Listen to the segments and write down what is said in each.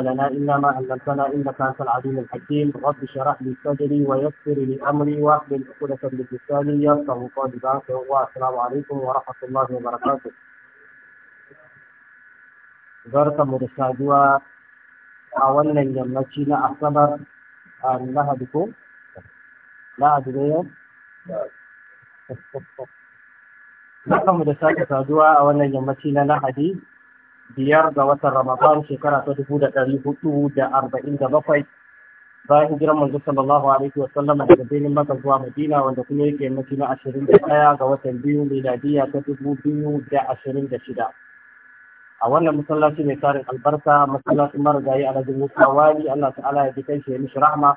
لنا إلا ما علمتنا إنك أنت العليم الحكيم رب اشرح لي صدري ويسر لي أمري واحلل عقدة من لساني يفقه قولي بارك والسلام عليكم ورحمة الله وبركاته barka mu da saduwa a wannan yammaci na لا أدري لا أدري لا أدري لا أدري لا أدري لا أدري لا أدري لا أدري biyar ga watan Ramadan shekara ta dubu da ɗari hudu da arba'in da bakwai bayan hijiran manzo sallallahu alaihi wa sallam daga birnin Makka zuwa Madina wanda kuma yake yammaci na ashirin da ɗaya ga watan biyu miladiya ta dubu biyu da ashirin da shida. A wannan masallaci mai tarin albarka masallacin marigayi alhaji Musa Wali Allah ta'ala ya ji kai shi ya mishi rahma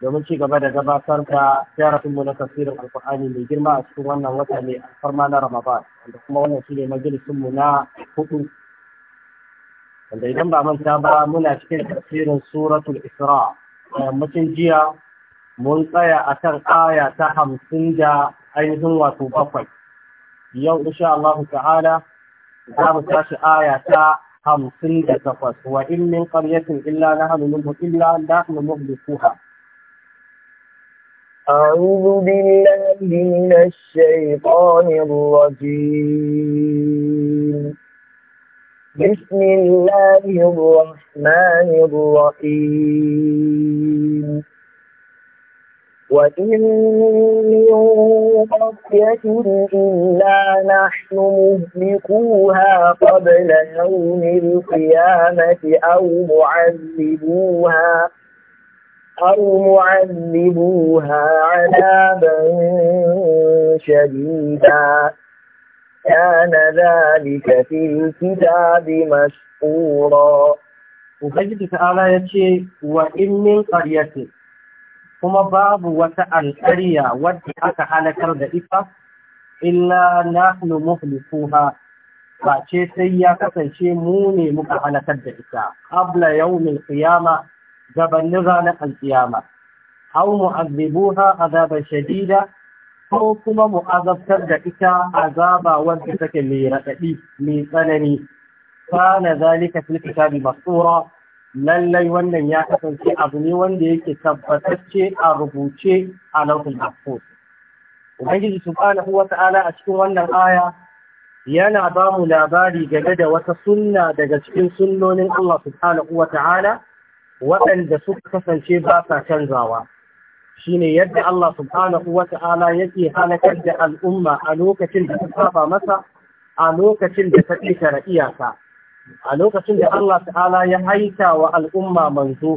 domin ci gaba da gabatar da mu na tafsirin alkur'ani mai girma a cikin wannan wata mai alfarma na Ramadan wanda kuma wannan shi ne mu na hudu wanda idan ba manta ba muna cikin tafsirin suratul isra yammacin jiya mun tsaya akan aya ta hamsin da ainihin wato bakwai yau insha Allah ta'ala za mu tashi aya ta hamsin da takwas wa in min qaryatin illa nahnu minhu illa nahnu muhlikuha أعوذ بالله من الشيطان الرجيم بسم الله الرحمن الرحيم وإن من قرية إلا نحن مهلكوها قبل يوم القيامة أو معذبوها أو معذبوها عذابا شديدا كان ذلك في الكتاب مسطورا Ubangiji ta'ala ya ce wa in min ƙaryati kuma babu wata alƙarya wadda aka halakar da ita illa nahnu muhlifuha ba ce sai ya kasance mu ne muka halakar da ita qabla yawmil qiyama gabanin ranar alƙiyama aw a azaban shadida ko kuma mu azabtar da ita azaba wanda take mai raɗaɗi mai tsanani kana zalika fil kitabi masura lallai wannan ya kasance abu ne wanda yake tabbatacce a rubuce a lauhul mahfuz ubangiji subhanahu wata'ala a cikin wannan aya yana ba mu labari game da wata sunna daga cikin sunnonin Allah subhanahu wata'ala waɗanda suka kasance ba sa canzawa shine yadda Allah subhanahu wa ta'ala yake halakar da al'umma a lokacin da ta saba masa a lokacin da ta ƙetare iyaka a lokacin da Allah ta'ala ya haita wa al'umma manzo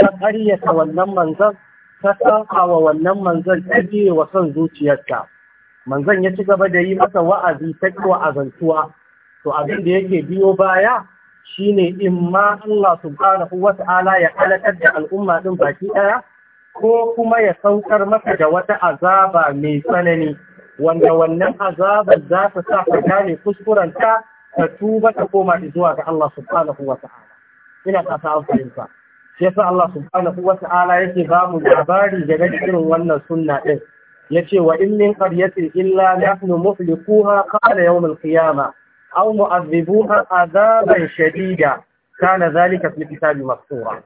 ta ƙaryata wannan manzon ta saba wa wannan manzon ta biye wa son zuciyarta manzon ya ci gaba da yi masa wa'azi ta kiwa azantuwa to abin da yake biyo baya shine in ma Allah subhanahu wa ta'ala ya halakar da al'umma ɗin baki ɗaya ko kuma ya saukar maka da wata azaba mai tsanani wanda wannan azabar za ta sa ka gane ta ka tuba ta koma zuwa ga Allah subhanahu wa ta'ala ina ka sa fahimta shi yasa Allah subhanahu wa ta'ala yake ba mu labari daga irin wannan sunna din yace wa in min qaryatin illa nahnu muflikuha qala yawm al-qiyamah aw mu'adhibuha adaban shadida kana dhalika fi kitabi mastura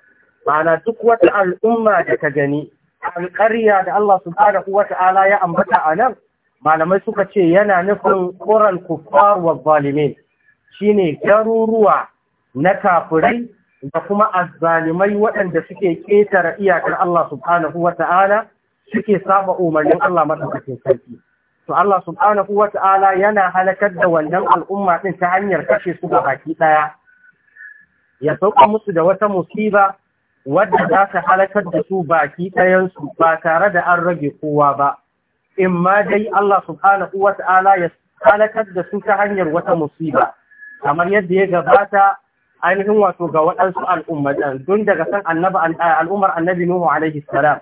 ma'ana duk wata al'umma da ta gani alƙarya da Allah subhanahu wata'ala ya ambata a nan malamai suka ce yana nufin ƙoran kuffar wa zalimin shine garuruwa na kafirai da kuma azzalimai waɗanda suke ƙetare iyakar Allah subhanahu wata'ala suke saba umarnin Allah madaukakin sarki to Allah subhanahu wata'ala yana halakar da wannan al'umma ɗin ta hanyar kashe su ga baki ɗaya ya sauka musu da wata musiba wadda za ka halakar da su baki ɗayansu ba tare da an rage kowa ba, in ma dai Allah subhanahu wa ta'ala ya halakar da su ta hanyar wata musiba, kamar yadda ya gabata ainihin wato ga waɗansu al'ummatan don daga san al'ummar annabi Nuhu alaihi salam.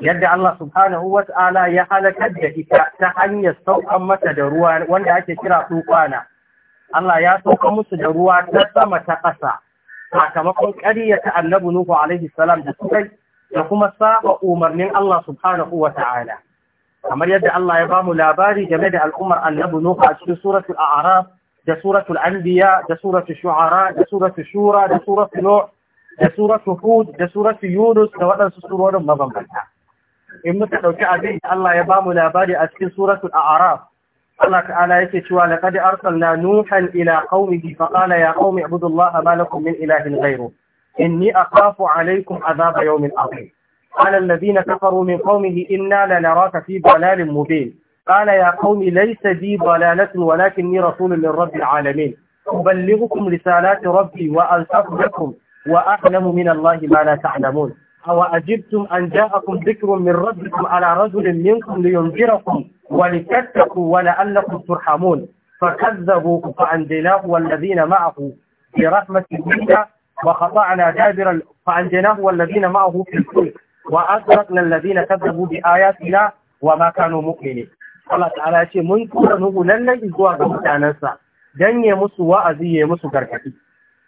Yadda Allah subhanahu wa ta'ala ya halakar da ita ta hanyar saukan mata da ruwa wanda ake kira tsokana. Allah ya sauka musu da ruwa ta sama ta ƙasa. sakamakon ƙaryata annabi Nuhu alaihi salam da sukai da kuma saba umarnin Allah subhanahu wa ta'ala kamar yadda Allah ya bamu labari game da al'ummar annabi Nuhu a cikin suratul a'raf da suratul anbiya da suratul shu'ara da suratul shura da suratul nuh da suratul hud da suratul yunus da waɗansu surorin mabambanta in muka ɗauki abin da Allah ya bamu labari a cikin suratul a'raf Allah ala yake cewa laqad arsalna nuhan ila qaumihi fa qala ya qaumi ibudullaha ma lakum min ilahin gairu. inni akhafu alaykum adhab yawm al-aqim qala alladhina kafaru min qaumihi inna lanaraka fi dalalin mubin Ƙala ya qaumi laysa bi dalalatin walakinni rasulun lir rabbil alamin ubalighukum risalati rabbi wa alsaqukum wa ahlamu min allahi ma la ta'lamun أو أجبتم أن جاءكم ذكر من ربكم على رجل منكم لينذركم ولتتقوا ولعلكم ترحمون فكذبوا فأنجيناه والذين معه برحمة منا وقطعنا دابر فأنجيناه والذين معه في الكل وأدركنا الذين كذبوا بآياتنا وما كانوا مؤمنين الله تعالى شيء منكم tura لن lallai zuwa ga mutanensa dan ya musu wa'azi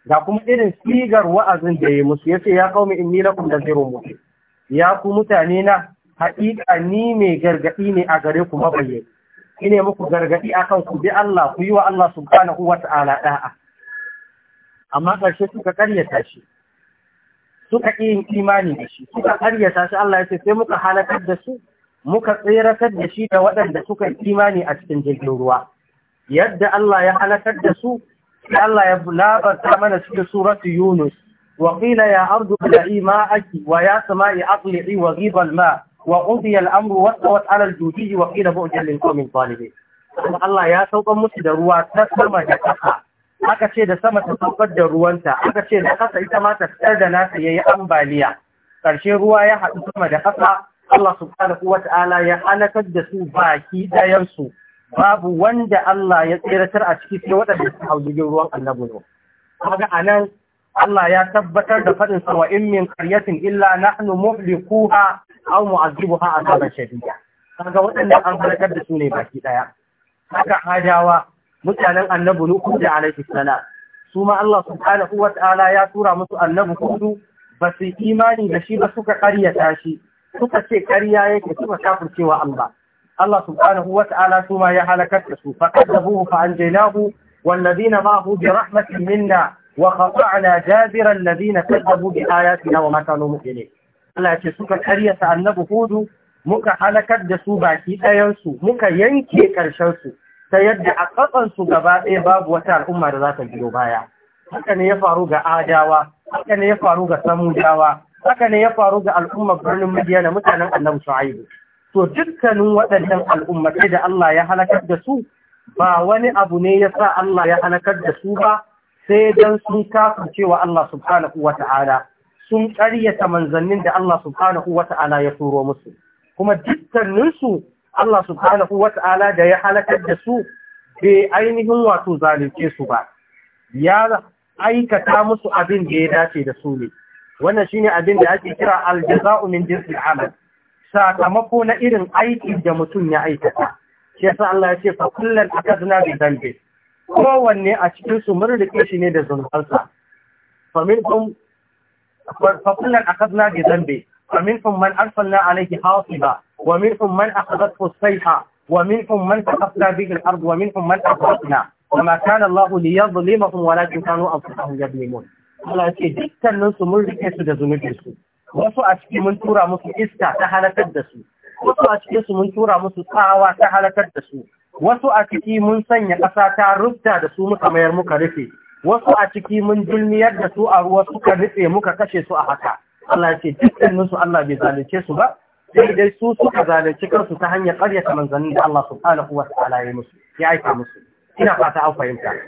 ga kuma irin sigar wa'azin da ya musu ya ce ya qaumi inni lakum nadhirun mubin ya ku mutane na haƙiƙa ni mai gargaɗi ne a gare ku Ki ne muku gargaɗi akan ku bi Allah ku yi wa Allah subhanahu wa ta'ala da'a amma ƙarshe suka karyata shi suka yin imani da shi suka karyata shi Allah ya ce sai muka halakar da su muka tseratar da shi da waɗanda suka imani a cikin jirgin ruwa yadda Allah ya halakar da su Allah ya labarta mana cikin suratu Yunus wa qila ya ardu bla'i ma'aki wa ya sama'i aqli'i wa ghiba al-ma wa udiya al-amru wa tawat 'ala al-judi wa qila bu'dan lil qawmin zalimin Allah ya saukar musu da ruwa ta sama da ƙasa aka ce da sama ta saukar da ruwanta aka ce da ƙasa ita ma ta fitar da nasa yayi ambaliya ƙarshe ruwa ya haɗu sama da ƙasa Allah subhanahu ta'ala ya halakar da su baki ɗayansu. babu wanda Allah ya tseratar a ciki sai waɗanda su hau jirgin ruwan annabi ne kaga anan Allah ya tabbatar da faɗin sa wa in min qaryatin illa nahnu muhlikuha aw mu'azzibuha azaban shadida kaga waɗanda an halakar da su ne baki ɗaya. haka hajawa mutanen annabi ne kuma alaihi salam su ma Allah subhanahu wa ta'ala ya tura musu annabi kudu ba su imani da shi ba suka karyata shi suka ce karya yake suka kafircewa Allah Allah subhanahu wa ta'ala su ma ya halakar da su fa fa anjaynahu wal ladina ma'ahu bi rahmatin minna wa qata'na jabira alladhina kadzabu bi ayatina wa ma kanu mu'minin Allah ce suka karyata annabi hudu muka halakar da su baki ɗayansu. su muka yanke karshen su ta yadda a kasan su gaba ɗaya babu wata al'umma da za ta biyo baya haka ne ya faru ga adawa haka ne ya faru ga samudawa haka ne ya faru ga al'ummar birnin madiyana mutanen annabi shu'aibu to dukkanin waɗannan al'ummatai da Allah ya halakar da su ba wani abu ne ya sa Allah ya halakar da su ba sai don sun cewa Allah subhanahu wa ta'ala sun ƙaryata manzannin da Allah subhanahu wa ta'ala ya turo musu kuma dukkaninsu Allah subhanahu wa ta'ala da ya halakar da su bai ainihin wato zalunce su ba ya aikata musu abin da ya dace da su ne wannan shine abin da ake kira aljaza'u min jinsil amal sakamako na irin aiki da mutum ya aikata shi yasa Allah ya ce fa kullal akadna bi dhanbi kowanne a cikin su mun rike shi ne da zunubansa fa min minkum fa kullal akadna bi dhanbi fa minkum man arsalna alayhi hasiba wa min minkum man akhadathu as-sayha wa minkum man taqafna bihi al-ard wa minkum man akhrajna وما كان الله ليظلمهم ولكن كانوا انفسهم يظلمون Allah ce dukkanin su mun rike su da zunubin wasu a ciki mun tura musu iska ta halakar da su wasu a su mun tura musu tsawa ta halakar da su wasu a ciki mun sanya ƙasa ta rufta da su muka mayar muka rufe wasu a ciki mun dulmiyar da su a ruwa suka rufe muka kashe su a haka Allah ya ce dukkanin su Allah bai zalunce su ba sai dai su suka zalunci kansu ta hanyar ƙaryata manzannin da Allah subhanahu wa ta'ala ya musu ya aika musu ina fata an fahimta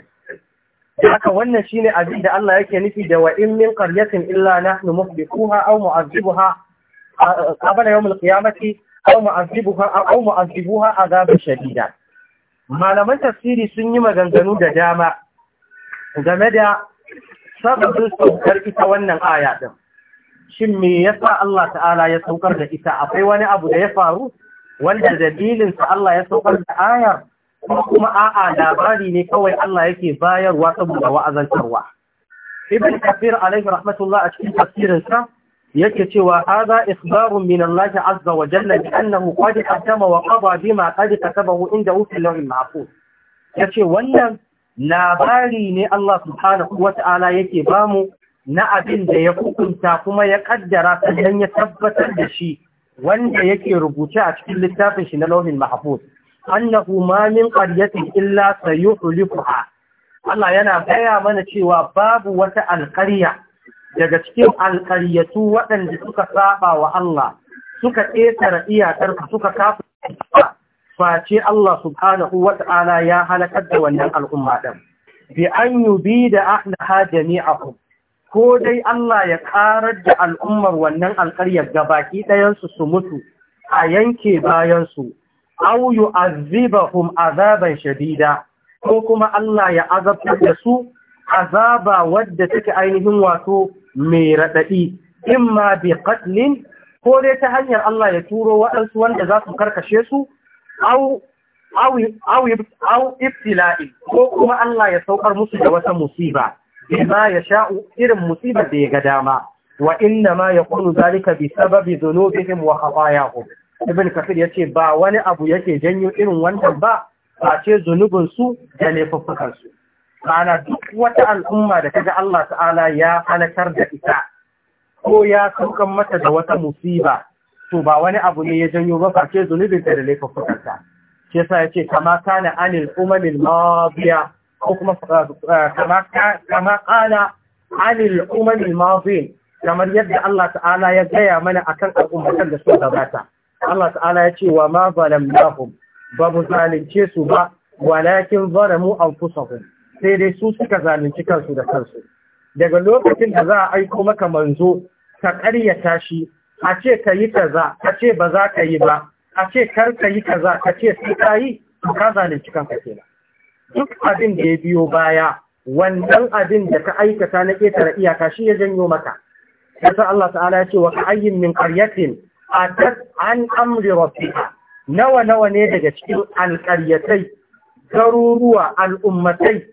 haka wannan shine abin da Allah yake nufi da wa in min qaryatin illa nahnu muhlikuha aw mu'azzibuha qabla yawm al-qiyamati aw mu'azzibuha aw mu'azzibuha malaman tafsiri sun yi maganganu da dama game da sabbin saukar ita wannan aya din shin me yasa Allah ta'ala ya saukar da ita akwai wani abu da ya faru wanda dalilinsa Allah ya saukar da ayar kuma a'a labari ne kawai Allah yake bayarwa saboda wa'azantarwa ibn kafir alaihi rahmatullah a cikin sa, yake cewa hadha ikhbarun min Allah azza wa jalla bi annahu qad qadama wa qada bima qad katabahu inda fil lawhil mahfuz yace wannan labari ne Allah subhanahu wa ta'ala yake bamu na abin da ya hukunta kuma ya kaddara sannan ya tabbatar da shi wanda yake rubuce a cikin littafin shi na lawhil mahfuz annahu ma min qaryatin illa sayuhlikuha Allah yana gaya mana cewa babu wata alƙarya daga cikin alƙaryatu waɗanda suka saba wa Allah suka ƙetare iyakar suka kafa face Allah subhanahu wata'ala ya halakar da wannan al'umma ɗin bi an yubi da ahlaha jami'ahum ko dai Allah ya karar da al'ummar wannan alƙaryar gabaki ɗayansu su mutu a yanke bayansu aw yu'azzibahum azaban shadida ko kuma Allah ya azabtar da su azaba wadda take ainihin wato mai raɗaɗi imma bi qatlin ko dai ta hanyar Allah ya turo waɗansu wanda za su karkashe su Au ibtila'i ko kuma Allah ya saukar musu da wata musiba bima ya sha'u irin musibar da ya ga dama wa inna ma yakunu zalika bi sababi dhunubihim wa khatayahum ibn kafir yace ba wani abu yake janyo irin wannan ba ba ce zunubin su da laifuffukan su ana duk wata al'umma da kaga Allah ta'ala ya halakar da ita ko ya saukan mata da wata musiba to ba wani abu ne ya janyo ba ba ce zunubin ta da laifuffukan ta shi yasa yace kama kana anil umamil madiya ko kuma eh, kama kama anil umamil madiya kamar yadda Allah ta'ala ya gaya mana akan al'ummatan da suka gabata Allah ta'ala ya ce wa ma zalamnahum ba mu zalunce su ba walakin zalamu anfusahum sai dai su suka zalunci kansu da kansu daga lokacin da za a aiko maka manzo ka ƙaryata shi a ce ka yi kaza a ce ba za ka yi ba a ce kar ka yi kaza ka ce sai ka yi ka zalunci kanka kenan duk abin da ya biyo baya wannan abin da ka aikata na ƙetare iyaka shi ya janyo maka yasa Allah ta'ala ya ce wa ka ayyin min qaryatin atat an amri rafiha nawa nawa ne daga cikin alƙaryatai garuruwa al'ummatai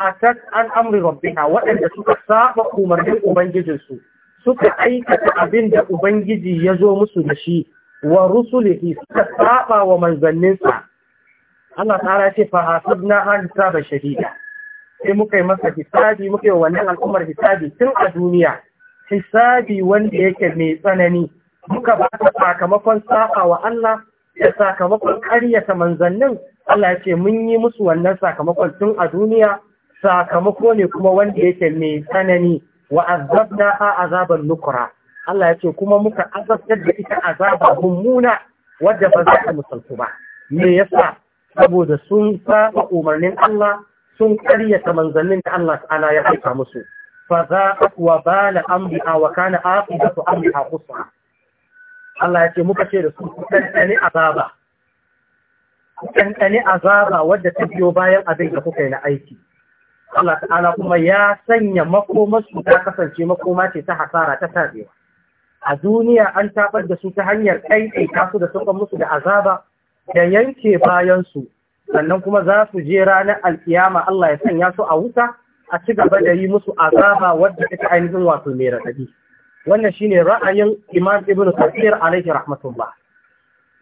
atat an amri rafiha waɗanda suka saba umarnin ubangijinsu suka aikata abin da ubangiji ya zo musu da shi wa rusulihi suka saba wa manzanninsa Allah tsara ce fa hasabna an saba shahida sai muka yi masa hisabi muka yi wannan al'ummar hisabi tun a duniya hisabi wanda yake mai tsanani muka ba ka sakamakon sa'a wa Allah da sakamakon ƙaryata manzannin Allah ya ce mun yi musu wannan sakamakon tun a duniya sakamako ne kuma wanda yake mai tsanani wa azabna ha azaban nukura Allah ya ce kuma muka azabtar da ita azaba mummuna wadda ba za ta musaltu ba me yasa saboda sun saba umarnin Allah sun ƙaryata manzannin da Allah ta'ala ya aika musu fa za wa bala amri wa kana aqibatu amri husna Allah ya ce muka ce da su azaba ɗanɗane azaba wadda ta biyo bayan abin da kuka yi na aiki Allah ta'ala kuma ya sanya makomarsu ta kasance makoma ce ta hasara ta tabewa a duniya an tabar da su ta hanyar ɗaiɗaita su da sukan musu da azaba da yanke bayansu sannan kuma za su je ranar alkiyama Allah ya sanya su a wuta a ci gaba da yi musu azaba wadda take ainihin wato mai raɗaɗi. wannan shine ra'ayin Imam Ibn Kathir alaihi rahmatullah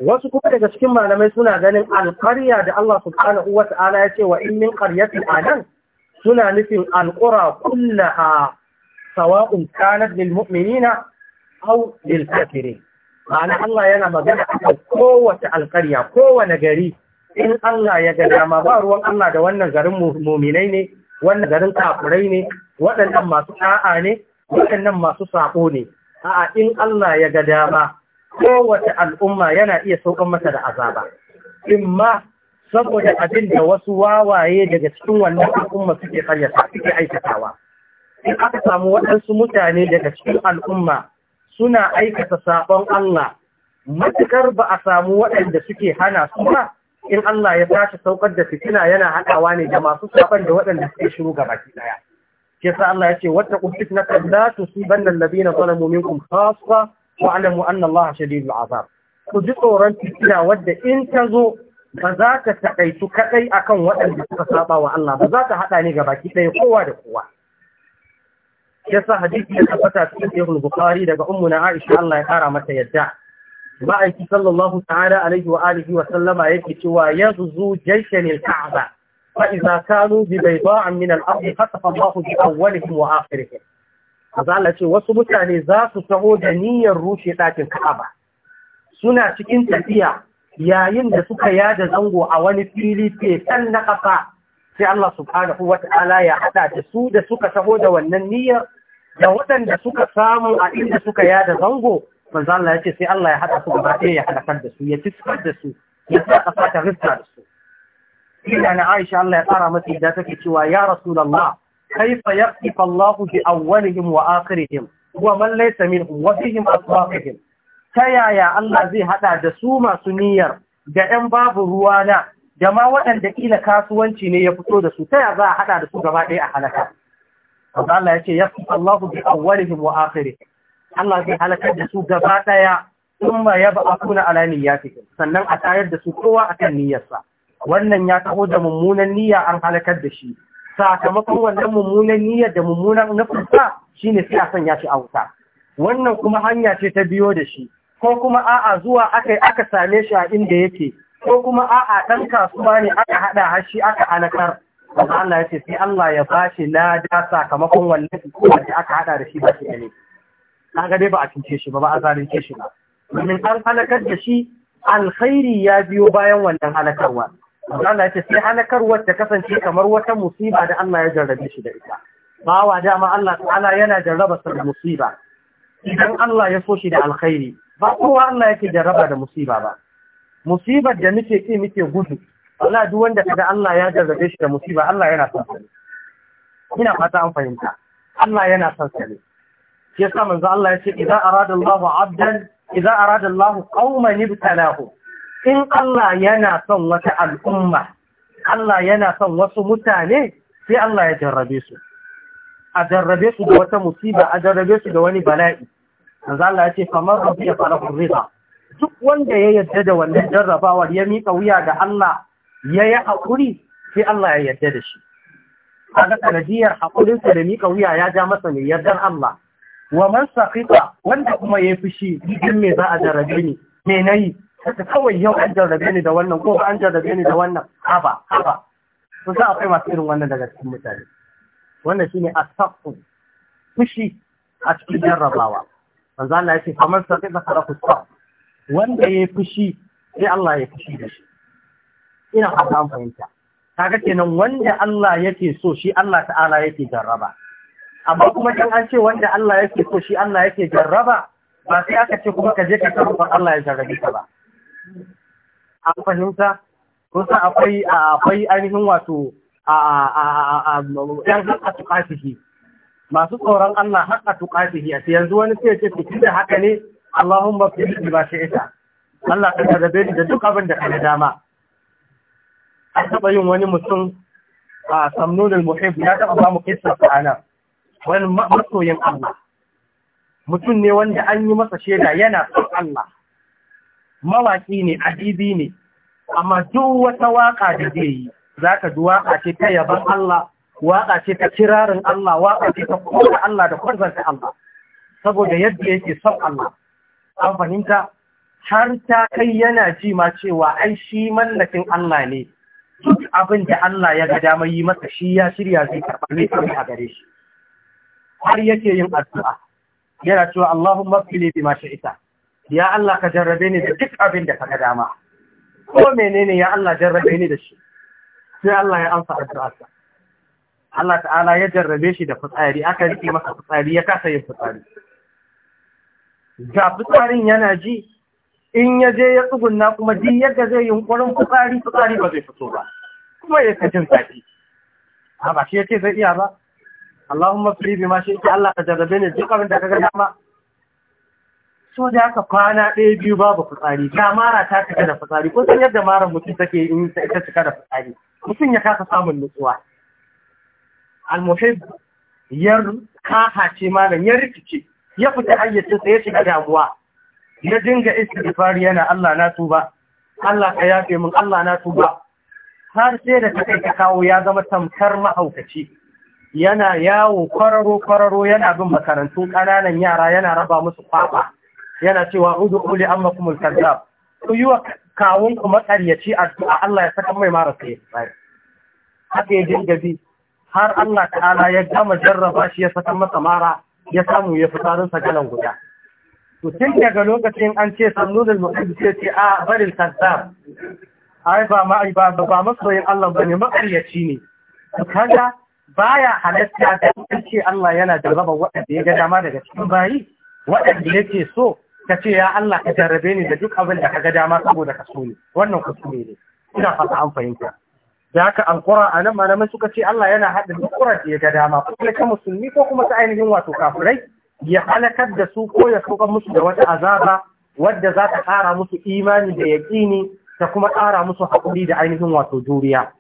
wasu kuma daga cikin malamai suna ganin alƙarya da Allah subhanahu wa ta'ala ya ce wa in min qaryatin anan suna nufin alqura kullaha sawa'un kanat lil mu'minina aw lil kafirin ma'ana Allah yana magana akan kowace al'qarya kowane gari in Allah ya ga dama ba ruwan Allah da wannan garin muminai ne wannan garin kafirai ne waɗannan masu ɗa'a ne waɗannan masu saƙo ne a'a in Allah ya ga dama kowace al'umma yana iya saukan masa da azaba in ma saboda abin da wasu wawaye daga cikin wannan al'umma suke karyata suke aikatawa in aka samu waɗansu mutane daga cikin al'umma suna aikata sabon Allah matukar ba a samu waɗanda suke hana su ba in Allah ya tashi saukar da fitina yana haɗawa ne da masu saban da waɗanda suke shiru gabaki ɗaya. yasa Allah ya ce wattaqu fitnatan la tusibanna alladhina zalamu minkum khassa wa'lamu anna Allah shadidul azab ku ji tsoron fitina wadda in ta zo ba za ta taƙaitu kaɗai akan waɗanda suka saba wa Allah ba za ta haɗa ni baki ɗaya kowa da kowa yasa hadisi ya tabbata cikin Sahih Bukhari daga na Aisha Allah ya kara mata yadda ma'aiki sallallahu ta'ala alaihi wa alihi wa sallama yake cewa yanzu jayshan al Ka'aba. فإذا كانوا ببيضاء من الأرض خطف الله بأولهم وآخرهم azala ce wasu mutane za su taho da niyyar rushe ɗakin Ka'aba suna cikin tafiya yayin da suka yada zango a wani fili fetan na ƙasa sai Allah subhanahu wata'ala ya haɗa da su da suka taho da wannan niyyar da waɗanda suka samu a inda suka yada zango manzo Allah ya ce sai Allah ya haɗa su gaba ɗaya ya halakar da su ya fiskar da su ya sa ƙasa ta rista da su ina na Aisha Allah ya tsara masa yadda take cewa ya Rasulullah kaifa yaqif Allah bi awwalihim wa akhirihim wa man laysa minhum wa fihim asbaqihim ta yaya Allah zai hada da su masu niyyar da ɗan babu ruwa na da ma waɗanda kila kasuwanci ne ya fito da su ta yaya za a hada da su gaba ɗaya a halaka Allah ya ce yaqif Allah bi awwalihim wa akhirihim Allah zai halakar da su gaba ɗaya ثم يبقون على نياتهم sannan a tayar da su kowa akan niyyarsa wannan ya taho da mummunan niyya an halakar da shi sakamakon wannan mummunan niyyar da mummunan nufinsa shine sai a sanya shi a wuta wannan kuma hanya ce ta biyo da shi ko kuma a'a zuwa akai aka same shi a inda yake ko kuma a'a dan kasuwa ne aka haɗa hashi aka halakar wanda Allah ya ce sai Allah ya bashi lada sakamakon wannan kuma da aka haɗa da shi ba shi ne kaga dai ba a cince shi ba ba a zalunce shi ba domin an halakar da shi alkhairi ya biyo bayan wannan halakarwa Allah ce sai halakarwar wacce kasance kamar wata musiba da Allah ya jarrabe shi da ita. Bawa dama Allah ta'ala yana jarraba sa da musiba. Idan Allah ya so shi da alkhairi, ba kowa Allah yake jarraba da musiba ba. Musibar da muke ki muke gudu, Allah duk wanda kaga Allah ya jarrabe shi da musiba, Allah yana son sa Ina fata an fahimta. Allah yana son sa ne. Shi yasa manzo Allah ya ce idan arada Allahu 'abdan idan arada Allahu qauman ibtalahu in Allah yana son wata al'umma Allah yana son wasu mutane sai Allah ya jarrabe su a jarrabe su da wata musiba a jarrabe su da wani bala'i manzo Allah ya ce kamar rufi ya fara ba. duk wanda ya yarda da wannan jarrabawar ya miƙa wuya da Allah ya yi haƙuri sai Allah ya yarda da shi kaga sanadiyar haƙurinsa da mika wuya ya ja masa mai yardar Allah wa man saqita wanda kuma ya fushi idan me za a jarrabe ni me nayi ta kawai yau an jarrabe ni da wannan ko an jarrabe ni da wannan haba haba to za akwai masu irin wannan daga cikin mutane wannan shine asaqu fushi a cikin jarrabawa manzo Allah yace kamar sa kai zakara kusa wanda yayi fushi sai Allah ya fushi da shi ina fata an fahimta kaga kenan wanda Allah yake so shi Allah ta'ala yake jarraba amma kuma kan an ce wanda Allah yake so shi Allah yake jarraba ba sai aka ce kuma ka je ka tabbata Allah ya jarrabe ka ba an fahimta kusa akwai akwai ainihin wato a yan haka tuqatihi masu tsoron Allah haka tuqatihi a yanzu wani sai ce fitin da haka ne Allahumma fi bi shi ita. Allah ka gargabe da duk abin da kana dama A taba yin wani mutum a samnunul muhib ya taɓa ba mu kissa ana wani masoyin Allah mutum ne wanda an yi masa shaida yana son Allah Mawaƙi ne adibi ne amma duk wata waƙa da zai yi ka ji waƙa ce ta yaban Allah waƙa ce ta kirarin Allah waƙa ce ta kora Allah da ta Allah saboda yadda yake son Allah an fahimta har ta kai yana ji ma cewa ai shi mallakin Allah ne duk abin da Allah ya ga dama yi masa shi ya shirya zai karɓa ne a gare shi har yake yin addu'a yana cewa Allahumma fili bi ma shi'ita ya Allah ka jarrabe ni da duk abin da ka dama ko menene ya Allah jarrabe ni da shi sai Allah ya amsa addu'arsa Allah ta'ala ya jarrabe shi da fitsari aka riƙe masa fitsari ya kasa yin fitsari ga fitsarin yana ji in ya je ya tsugunna kuma ji yadda zai yunkurin fitsari fitsari ba zai fito ba kuma ya ka jin sati a ba shi yake zai iya ba Allahumma firibi ma shi yake Allah ka jarrabe ni duk abin da ka ga dama so da aka kwana ɗaya biyu babu fitsari ta mara ta cika da fitsari ko sun yadda mara mutum take in ta cika da fitsari mutum ya kasa samun nutsuwa almuhib yar kaha ce malam ya rikice ya fita hayyacin sa ya shiga damuwa ya dinga istighfar yana Allah na tuba Allah ka yafe min Allah na tuba har sai da ta kai ta kawo ya zama tamkar mahaukaci yana yawo kwararo kwararo yana bin makarantu ƙananan yara yana raba musu kwaba yana cewa udu uli amma kumul kazzab to yiwa kawun ku matsariyaci addu'a Allah ya saka mai mara sai haka ya dingabi har Allah ta'ala ya gama jarraba shi ya saka masa mara ya samu ya fitarin sa galan guda to tun daga lokacin an ce sannudul muqaddis sai ce a barin kazzab ai ba ma ba ba masoyin Allah bane makaryaci ne kaga baya halatta da ce Allah yana jarraba waɗanda ya ga dama daga cikin bayi waɗanda yake so ka ce ya Allah ka jarrabe ni da duk abin da ka ga dama saboda ka so ni wannan kuskure ne ina fata an fahimta da haka an kura a nan malamai suka ce Allah yana haɗa duk kuran da ya ga dama ko ta musulmi ko kuma ta ainihin wato kafirai ya halakar da su ko ya sauka musu da wata azaba wadda za ta ƙara musu imani da yaƙini ta kuma ƙara musu haƙuri da ainihin wato juriya.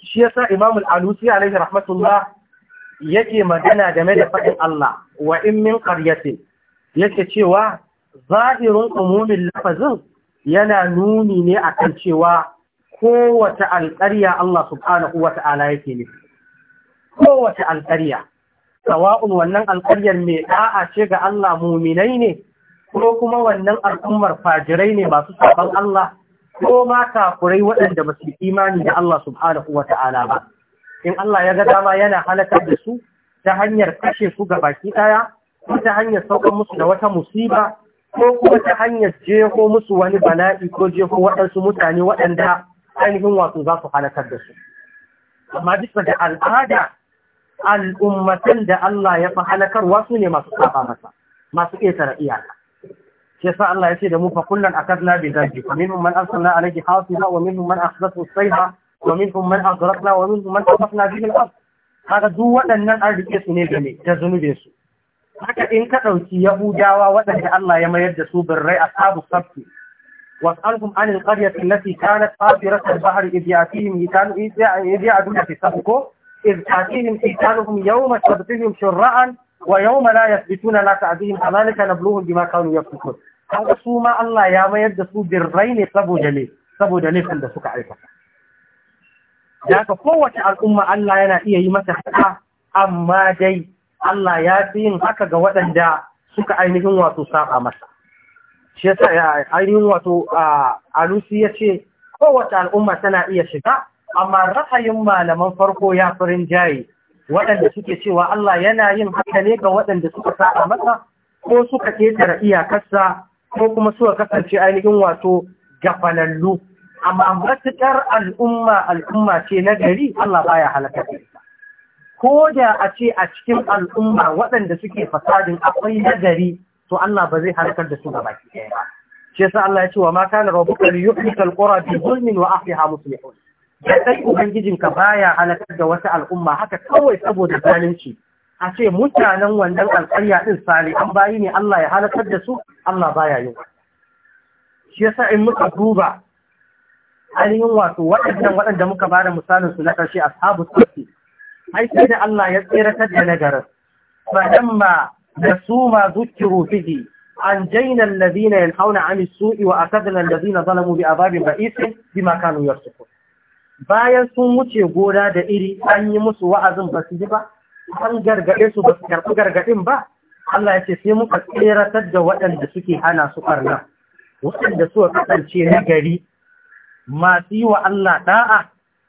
Shi ya sa Imam Al'alusi alaihi rahmatullah yake magana game da faɗin Allah wa in min ƙaryace yake cewa zahirin umumin lafazin yana nuni ne a kan cewa kowace alƙarya Allah subhanahu wa ta'ala yake ne kowace alƙarya sawa'un wannan alƙaryar mai ɗa'a ce ga Allah muminai ne ko kuma wannan al'ummar fajirai ne masu sabon Allah ko ma kafurai waɗanda ba su imani da Allah subhanahu wa ta'ala ba in Allah ya ga dama yana halakar da su ta hanyar kashe su ga baki ɗaya ko ta hanyar saukar musu da wata musiba ko kuma ta hanyar jeho musu wani bala'i ko jeho waɗansu mutane waɗanda ainihin wato za su halakar da su amma bisa da al'ada al'ummatan da Allah ya fi halakarwa su ne masu saba masa masu ƙetare iyaka shi sa Allah ya ce da mu fa kullun akadna bi dhalbi minhum man arsalna alayhi hasiba wa minhum man akhdathu sayha ومنهم من أغرقنا ومنهم من أغرقنا به الأرض هذا هو أن أرضي سنين جميع تزنو بيسو حتى إن كتو سيهودا وودن الله يما يجسو بالرأي أصحاب الصبت واسألهم عن القرية التي كانت قافرة البحر إذ يأتيهم إتانو إذ يأتيهم في صبكو إذ يأتيهم إتانهم يوم شبطهم شرعا ويوم لا يثبتون لا تعديهم كذلك نبلوهم بما كانوا يفتكون هذا سوما الله يما يجسو بالرأي صبو جليل صبو جليل عند سكع الفقر da ka kowace al'umma Allah yana iya yi masa haka amma dai Allah ya fi yin haka ga waɗanda suka ainihin wato saba masa shi yasa ya ainihin wato ya ce kowace al'umma tana iya shiga amma ra'ayin malaman farko ya farin jaye waɗanda suke cewa Allah yana yin haka ne ga waɗanda suka saba masa ko suka ketare iyakarsa ko kuma suka kasance ainihin wato gafanallu. amma matuƙar al'umma al'umma ce na gari Allah baya halaka ko da a ce a cikin al'umma waɗanda suke fasadin akwai na gari to Allah ba zai halakar da su ga baki ɗaya ba shi yasa Allah ya ce wa ma kana rabbuka liyuhlika alqura bi zulmin wa ahliha muslihun da kai ka baya halakar da wata al'umma haka kawai saboda zalunci a ce mutanen wannan alƙarya ɗin sale an bayi ne Allah ya halakar da su Allah baya yin shi yasa in muka duba ainihin wato waɗannan waɗanda muka ba da misalin su na ƙarshe ashabu tsarki ai sai da Allah ya tseratar da nagarin falamma da su ma zukiru fihi an jaina alladhina yanhauna 'ani su'i wa akadna alladhina zalamu bi azabin ba'isin bima kanu yasfukun bayan sun wuce gona da iri an yi musu wa'azin ba su ji ba an gargaɗe su ba su karɓi gargaɗin ba Allah ya ce sai muka tseratar da waɗanda suke hana su ɓarna waɗanda suka kasance na gari masu yi wa Allah da'a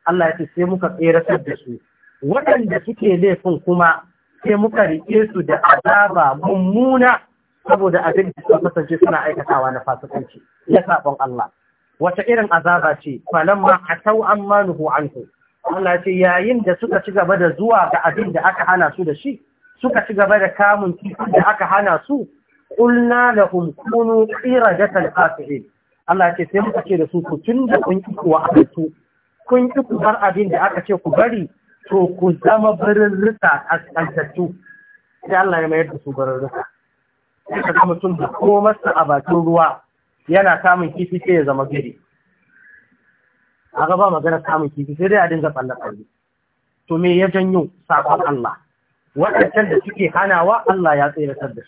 Allah ya ce sai muka tseratar da su waɗanda suke laifin kuma sai muka riƙe su da azaba mummuna saboda abin da suka kasance suna aikatawa na fasikanci ya sabon Allah wata irin azaba ce falamma atau amma nuhu ku. Allah ce yayin da suka ci gaba da zuwa ga abin da aka hana su da shi suka ci gaba da kamun kifi da aka hana su ƙulna da lahum ƙira qiradatan qasirin Allah ya ce sai muka ce da su ku tun da kun ki kuwa a su kun ki ku bar abin da aka ce ku bari to ku zama rika a kantattu sai Allah ya mayar da su sai ka ga mutum da komarsa a bakin ruwa yana samun kifi sai ya zama gari a gaba magana samun kifi sai dai a dinga tsalle tsalle to me ya janyo sakon Allah waɗancan da suke hanawa Allah ya tsere da su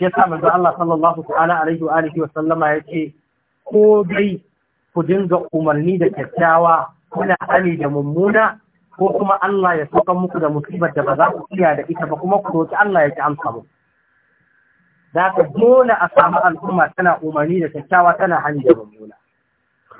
shi yasa manzo Allah sallallahu ta'ala alaihi wa alihi wa sallama yace ko dai ku dinga umarni da kyakkyawa kuna ani da mummuna ko kuma Allah ya sauka muku da musibar da ba za ku iya da ita ba kuma ku roki Allah ya ci amsa mu da ka dole a samu al'umma tana umarni da kyakkyawa tana hani da mummuna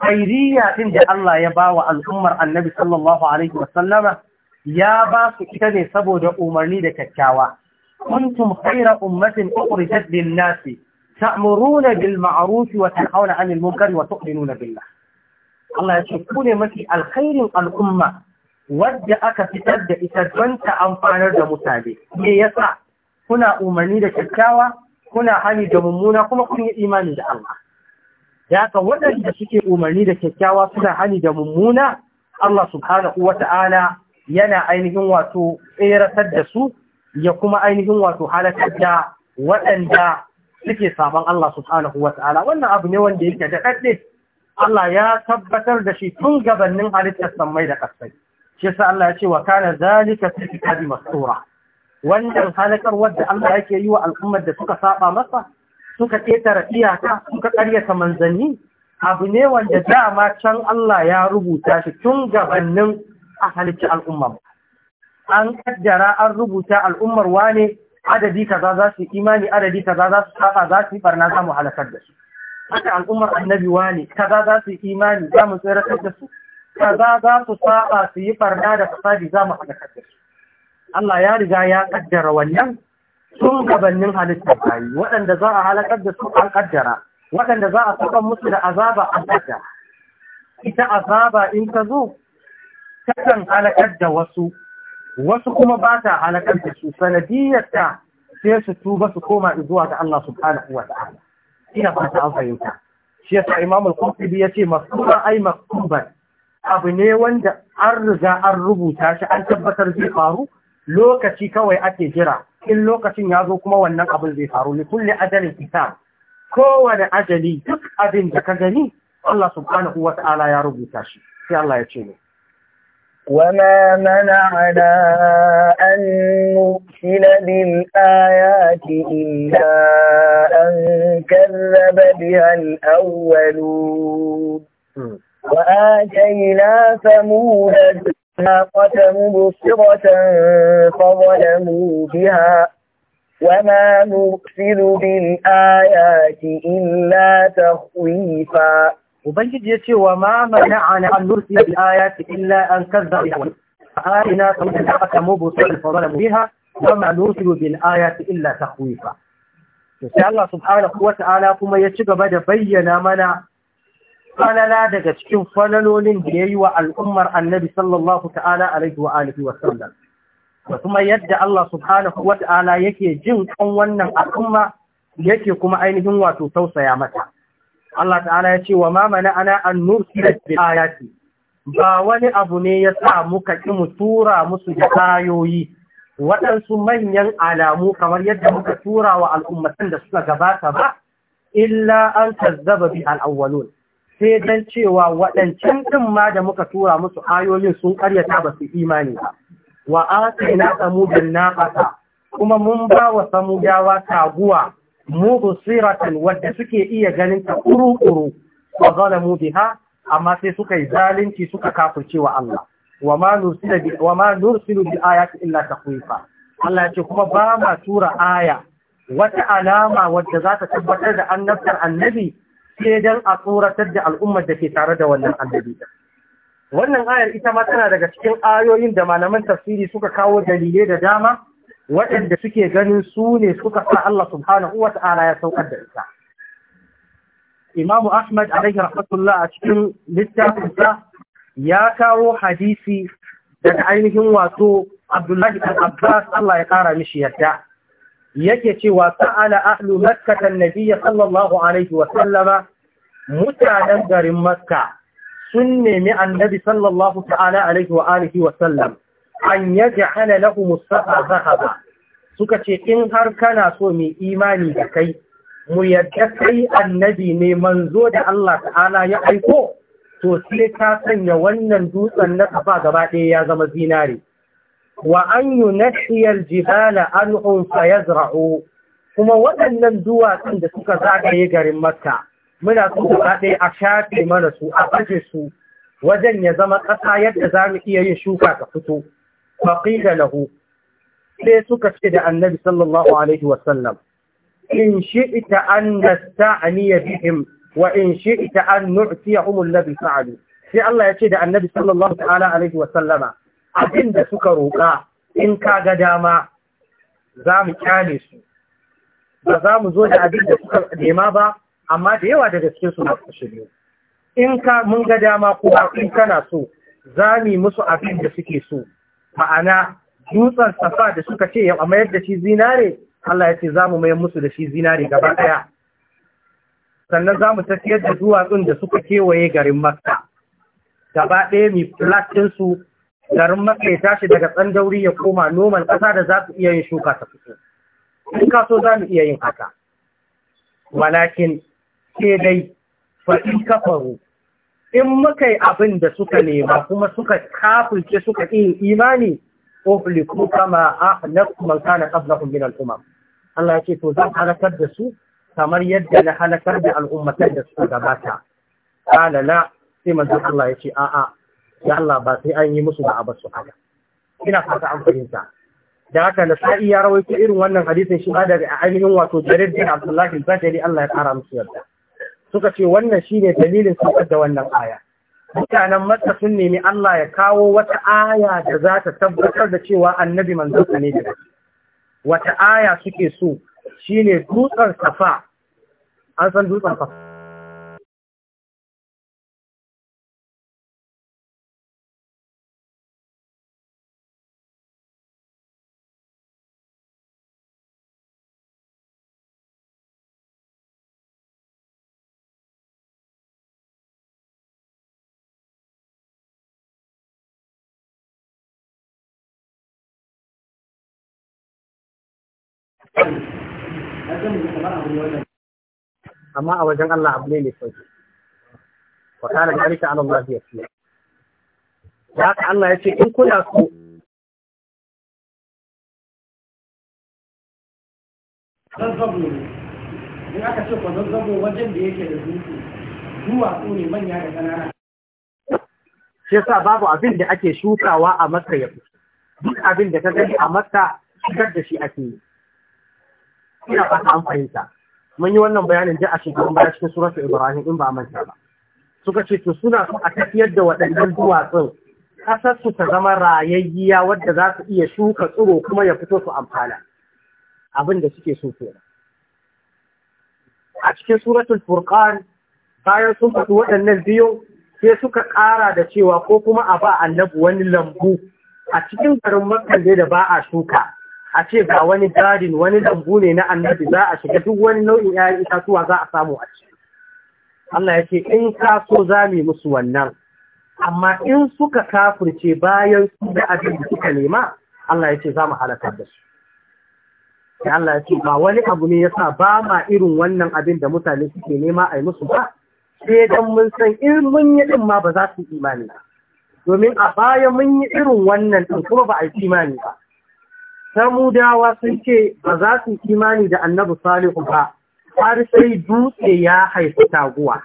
khairiyya din da Allah ya ba wa al'ummar Annabi sallallahu alaihi sallama, ya ba su ita ne saboda umarni da kyakkyawa kuntum khayra ummatin ukhrijat lin-nasi ta'muruna bil ma'ruf wa tanhauna 'anil munkar wa tu'minuna billah Allah ya ce ku ne mafi alkhairin al'umma wadda aka fitar da ita don ta amfanar da mutane me yasa kuna umarni da kyakkyawa kuna hani da mummuna kuma kun yi imani da Allah ya waɗanda suke umarni da kyakkyawa suna hani da mummuna Allah subhanahu wata'ala yana ainihin wato tseratar da su ya kuma ainihin wato halakar da waɗanda suke saban Allah subhanahu wa ta'ala wannan abu ne wanda yake da Allah ya tabbatar da shi tun gabanin halittar sammai da ƙasai shi yasa Allah ya ce wa kana zalika fi kitabi wannan halakar wadda Allah yake yi wa al'ummar da suka saba masa suka ƙetare iyaka suka ƙaryata manzanni abu ne wanda dama can Allah ya rubuta shi tun gabanin a halicci al'ummar an ƙaddara an rubuta al'ummar wane adadi kaza za su imani adadi kaza za su saba za su yi barna za mu halakar da su haka al'ummar annabi wani kaza za su imani za mu tsiratar da su kaza za su saba su yi barna da fasadi za mu halakar da su Allah ya riga ya kaddara wannan sun gabanin halittar bayi waɗanda za a halakar da su an kaddara waɗanda za a saba musu da azaba an kaddara ita azaba in ta zo takan halakar da wasu wasu kuma ba ta halakar da su sanadiyarta sai su tuba su koma zuwa ga Allah subhanahu wa ta'ala ina fata an fahimta shi yasa Imam al-Qurtubi yace masura ai maktuban abu ne wanda an riga an rubuta shi an tabbatar zai faru lokaci kawai ake jira in lokacin ya zo kuma wannan abin zai faru li kulli ajalin kitab kowane ajali duk abin da ka gani Allah subhanahu wa ta'ala ya rubuta shi sai Allah ya ce ne وما منعنا أن نرسل بالآيات إلا أن كذب بها الأولون وآتينا ثمود ناقة مبصرة فظلموا بها وما نرسل بالآيات إلا تخويفا ubangiji ya ce wa ma mana'ana an nursila bi ayati illa an kazzaba bi awwal فآتنا قولا أقسموا بصير فظلموا بها وما نرسل بالآيات إلا تخويفا sai Allah subhanahu Ta'ala kuma ya ci gaba da bayyana mana falala daga cikin falalolin da ya yi wa al'ummar annabi sallallahu ta'ala alaihi wa alihi wa sallam da kuma yadda Allah subhanahu Ta'ala yake jin kan wannan al'umma yake kuma ainihin wato tausaya mata Allah ta'ala ya ce wa ma mana ana an nursila da ayati ba wani abu ne ya sa muka ki mu tura musu da kayoyi waɗansu manyan alamu kamar yadda muka tura wa al'ummatan da suka gabata ba illa an kazzaba bi al sai dan cewa waɗancan ɗin ma da muka tura musu ayoyin sun karyata ba su imani ba wa atina samudin naqata kuma mun ba wa samudawa taguwa mubsiratan wadda suke iya ganin ta ƙuru kuru wa zalamu biha amma sai suka yi zalunci suka kafirce wa Allah wa ma nursila bi wa ma nursilu bi ayati illa takwifa Allah ce kuma ba ma tura aya wata alama wadda za ta tabbatar da annabtar annabi sai dan a tsoratar da al'ummar da ke tare da wannan annabi wannan ayar ita ma tana daga cikin ayoyin da malaman tafsiri suka kawo dalilai da dama waɗanda suke ganin su ne suka sa Allah subhanahu wa ta'ala ya saukar da ita. Imamu Ahmad alaihi rahmatullah a cikin littafinsa ya kawo hadisi daga ainihin wato Abdullahi ɗan Abbas Allah ya kara mishi yadda. Yake cewa sa'ala ahlu Makka da Nabiya sallallahu alaihi wa sallama mutanen garin Makka sun nemi annabi sallallahu ta'ala alaihi wa alihi wa sallam an yaj'ala hana lahu safa zahaba suka ce in har kana so mai imani da kai mu yadda kai annabi ne manzo da Allah ta'ala ya aiko to sai ta sanya wannan dutsen na kafa gaba ɗaya ya zama zinare wa an yunashiya aljibala anhum fayazra'u kuma waɗannan duwatsun da suka zagaye garin Makka muna so gaba ɗaya a shafe mana su a baje su wajen ya zama ƙasa yadda za mu iya yin shuka ta fito faƙila lahu sai suka ce da annabi sallallahu alaihi wasallam in shi'ita an nasta'aniya bihim wa in shi'ita an nu'tiyahum alladhi sa'alu sai Allah ya ce da annabi sallallahu ta'ala alaihi wasallama abinda suka roƙa in ka ga dama za mu kyale su ba za mu zo da abin da suka nema ba amma da yawa daga cikin su na shirye in ka mun ga dama kuma in kana so za mu yi musu abin da suke so ma'ana dutsen safa da suka ce ya mayar da shi zinare Allah ya ce za mu mayar musu da shi zinare gaba ɗaya sannan za mu tafiyar da duwatsun da suka kewaye garin makka gaba ɗaya mai flat su garin makka ya tashi daga tsandauri ya koma noman ƙasa da za su iya yin shuka ta fito in ka so za mu iya yin haka walakin sai dai fa'in kafaru in muka yi abin da suka nema kuma suka kafirce suka yi imani uhliku kama ahlaku man kana qablakum min al-umam Allah ce to zan halakar da su kamar yadda na halakar da al'ummatan da suka gabata qala na sai manzo Allah ya a a'a ya Allah ba sai an yi musu da abasu haka ina fata an fahimta da haka na sa'i ya rawaito irin wannan hadisin shi da ainihin wato jarir bin Abdullahi al-Bajali Allah ya kara musu yadda. suka ce wannan shine dalilin saukar da wannan aya mutanen mata sun nemi Allah ya kawo wata aya da za ta tabbatar da cewa annabi manzon ne da wata aya suke so shine dutsen safa an san dutsen safa amma a wajen Allah abu ne mai sauki wa kana zalika ala Allah yasir Ya ka Allah ya ce in kuna so zazzabo ne in aka ce ku zazzabo wajen da yake da zuwa su ne manya da ƙanana shi yasa babu abin da ake shukawa a masa ya duk abin da ka gani a masa shigar da shi ake yi ina fata an fahimta mun yi wannan bayanin da a shekarun baya cikin suratu ibrahim in ba a manta ba suka ce to suna so a tafiyar da waɗannan duwatsun ƙasar su ta zama rayayyiya wadda za su iya shuka tsiro kuma ya fito su amfana abin da suke so ke a cikin suratul furqan bayan sun faɗi waɗannan biyu sai suka ƙara da cewa ko kuma a ba annabi wani lambu a cikin garin makon da ba a shuka a ce ga wani gadin wani lambu ne na annabi za a shiga duk wani nau'in ‘ya'yan itatuwa za a samu a ciki. Allah ya ce, in ka so za mu musu wannan, amma in suka kafurce bayan su da abin da suka nema, Allah ya ce za mu halakar da su. Ya Allah ya ce, ba wani abu ne yasa ba ma irin wannan abin da mutane suke nema a yi musu ba, sai dan mun san in mun yi ɗin ma ba za su imani ba. Domin a baya mun yi irin wannan ɗin kuma ba a yi imani ba. samudawa sun ce ba za su imani da annabi salihu ba har sai dutse ya haifi taguwa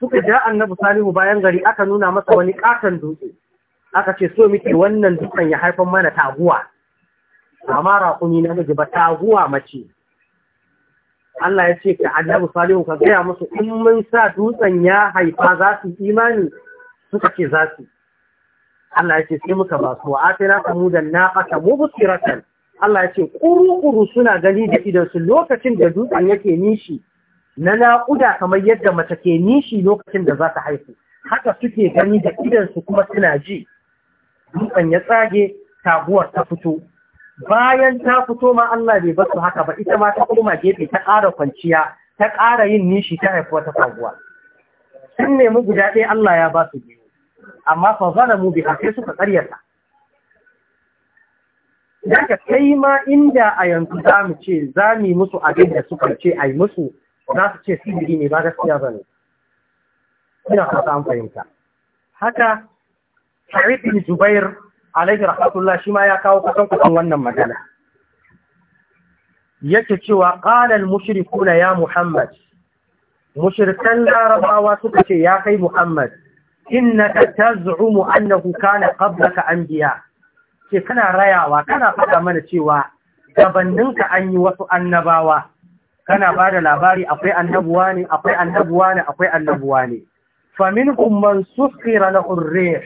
suka ja annabi salihu bayan gari aka nuna masa wani katon dutse aka ce so muke wannan dutsen ya haifan mana taguwa amma raƙumi na miji ba taguwa mace Allah ya ce ka annabi salihu ka gaya musu in mun sa dutsen ya haifa za su imani suka ce za su Allah ya ce sai muka ba su wa atina samudan naqata mubsiratan Allah ya ce ƙuru-ƙuru suna gani da su lokacin da dutsen yake nishi na naƙuda kamar yadda mace ke nishi lokacin da za ta haifu haka suke gani da su kuma suna ji dutsen ya tsage taguwar ta fito bayan ta fito ma Allah bai basu haka ba ita ma ta koma gefe ta ƙara kwanciya ta ƙara yin nishi ta haifuwa ta taguwa sun nemi guda ɗaya Allah ya ba su biyu amma fa zalamu bi sai suka karyata daga kai ma inda a yanzu za mu ce za mu musu abin da suka ce a yi musu za su ce sihiri ne ba gaskiya ba ina fata an fahimta haka Sa'id bin Zubair alaihi rahmatullah shi ma ya kawo kusan kusan wannan magana yake cewa qala al-mushrikuna ya Muhammad mushrikan larabawa suka ce ya kai Muhammad innaka taz'umu annahu kana qablaka anbiya ce kana rayawa kana faɗa mana cewa gabaninka an yi wasu annabawa kana ba da labari akwai annabuwa ne akwai annabuwa ne akwai annabuwa ne famin umman sukhira na urre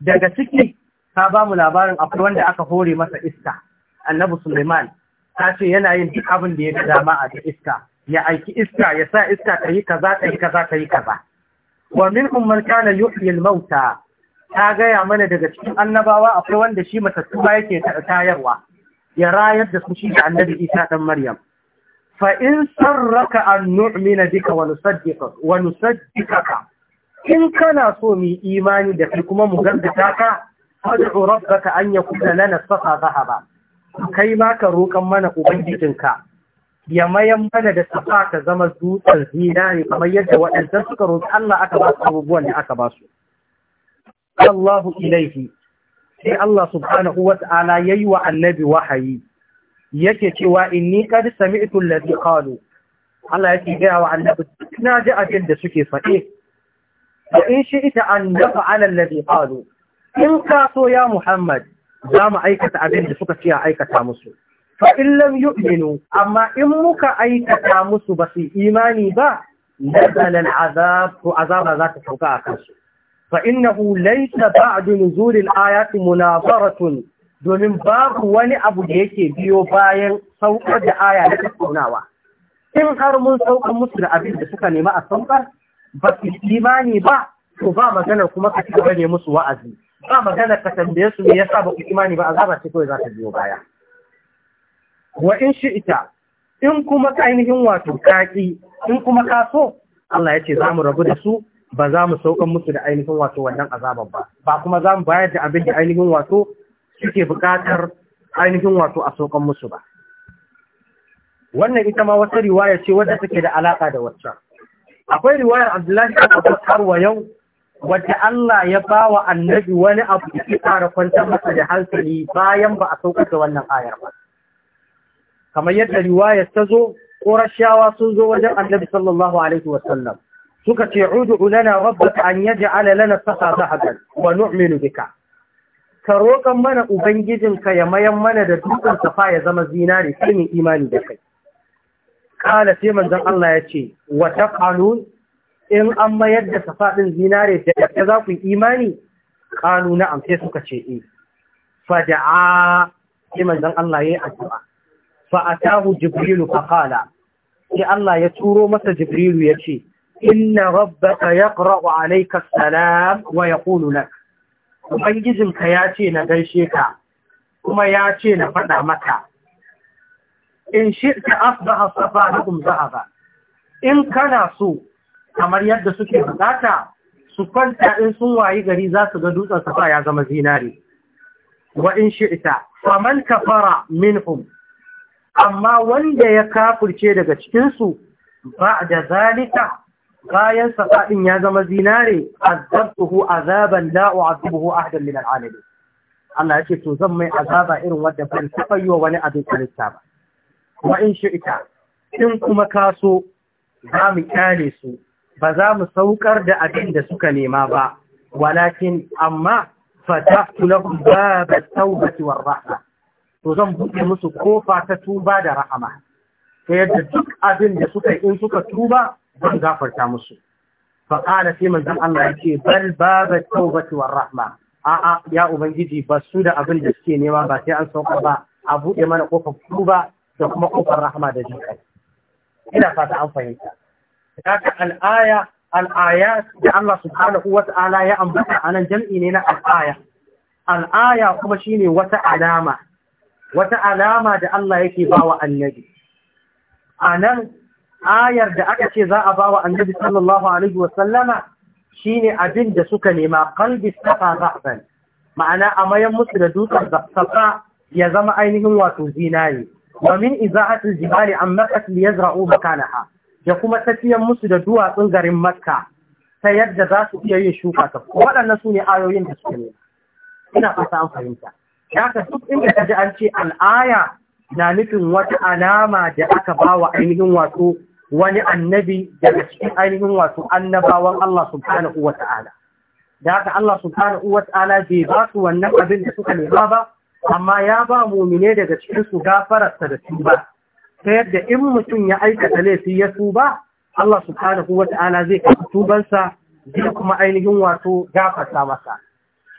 daga ciki ka ba mu labarin akwai wanda aka hore masa iska annabi suleiman ta ce yana yin duk abin da ya ga dama a iska ya aiki iska ya sa iska ta yi kaza ta kaza ta yi kaza wa minhum man kana yuhyi al-mauta ta gaya mana daga cikin annabawa akwai wanda shi matattu ba yake tayarwa ya rayar da su shi da annabi Isa dan Maryam fa in sarraka an nu'mina bika wa nusaddiqaka wa nusaddiqaka in kana so mu imani da kai kuma mu gaskata ka fad'u rabbaka an yakuna lana safa dhahaba kai ma ka roƙan mana ubangijinka ya mayan mana da safa ta zama dutsen zinari kamar yadda waɗanda suka roƙi Allah aka ba su abubuwan da aka ba su. Allahu ilaihi sai Allah subhanahu wa ta'ala yayi wa annabi wahayi yake cewa inni qad sami'tu allazi qalu Allah yake gaya wa annabi na ji abin da suke faɗe Da in shi ita an dafa alal allazi qalu in ka so ya Muhammad za mu aikata abin da suka ce a aikata musu fa’in yu'inu, lam amma in muka aikata musu ba su imani ba nazala al'azab to azaba za ta sauka a kansu fa innahu laysa ba'du nuzul zurin ayat munazaratun domin babu wani abu da yake biyo bayan saukar da aya da tattaunawa in har mun saukar musu da abin da suka nema a saukar ba su imani ba to ba magana kuma ka ci gaba ne musu wa'azi ba magana ka tambaye su yasa ba ku imani ba azaba ce kawai za ta biyo baya wa in ita, in kuma ainihin wato kaki in kuma ka so Allah ya ce za mu rabu da su ba za mu saukan musu da ainihin wato wannan azabar ba ba kuma za mu bayar da abin da ainihin wato suke buƙatar ainihin wato a saukan musu ba wannan ita ma wata riwaya ce wadda take da alaƙa da waccan akwai riwayar Abdullahi ibn kafa har wa yau wadda Allah ya bawa annabi wani abu da ke fara kwantar masa da hankali bayan ba a saukar da wannan ayar ba kamar yadda riwayar ta zo ƙorashawa sun zo wajen annabi sallallahu alaihi wasallam suka ce udu lana rabbaka an yaj'ala lana saha zahaban wa nu'minu bika ka roƙan mana ka ya mayan mana da dukkan safa ya zama zinari sai mu imani da kai kala sai manzon Allah ya ce wa taqalun in an mayar da safa din zinare da yadda za ku yi imani qalu na sai suka ce eh da'a sai manzon Allah ya yi addu'a فأتاه جبريل فقال يا الله يتورو متى جبريل يتي إن ربك يقرأ عليك السلام ويقول لك وبنجزم كياتي نغيشيك وما ياتي نفدع مكة إن شئت أصبح صفاهكم ذهبا in kana so kamar yadda suke bukata su kwanta in sun wayi gari za su ga dutsen safa ya zama zinare wa in shi'ita faman kafara minhum amma wanda ya kafirce daga cikinsu ba da zalika kayan safaɗin ya zama zinare azabtuhu azaban la'u, u'azibuhu ahadan min al'alamin Allah ya ce to zan mai azaba irin wadda ban taɓa yi wa wani abin halitta ba kuma in shi ita in kuma kaso za mu kyale su ba za mu saukar da abin da suka nema ba walakin amma fatahtu ba ba tawbati war rahma to zan buɗe musu kofa ta tuba da rahama ta yadda duk abin da suka in suka tuba zan gafarta musu fa qala sai manzon Allah yake bal baba tawbati war rahma a'a ya ubangiji ba su da abin da suke nema ba sai an sauka ba a buɗe mana kofar tuba da kuma kofar rahama da jinkai ina fata an fahimta haka al'aya da Allah subhanahu wa ya ambata anan jam'i ne na al'aya al'aya kuma shine wata alama wata alama da Allah yake bawa annabi a nan ayar da aka ce za a bawa annabi sallallahu alaihi wasallama shine abin da suka nema qalbi safa zahban ma'ana a mayan musu da dutsen safa ya zama ainihin wato zinari domin min iza'atil jibali an makat li yazra'u makanaha da kuma tafiyan musu da duwatsun garin makka ta yadda za su iya yin shuka ta waɗannan su ne ayoyin da suke nema ina fata an fahimta Ya duk inda ka ji an ce al'aya na nufin wata alama da aka ba wa ainihin wato wani annabi daga cikin ainihin wato annabawan Allah subhanahu wa ta'ala. Da haka Allah subhanahu wa ta'ala bai ba su wannan abin da suka nema ba, amma ya ba mumine daga cikin su gafararsa da su ba. Ta yadda in mutum ya aikata laifi ya su ba, Allah subhanahu wa ta'ala zai kafa tubansa zai kuma ainihin wato gafarta masa.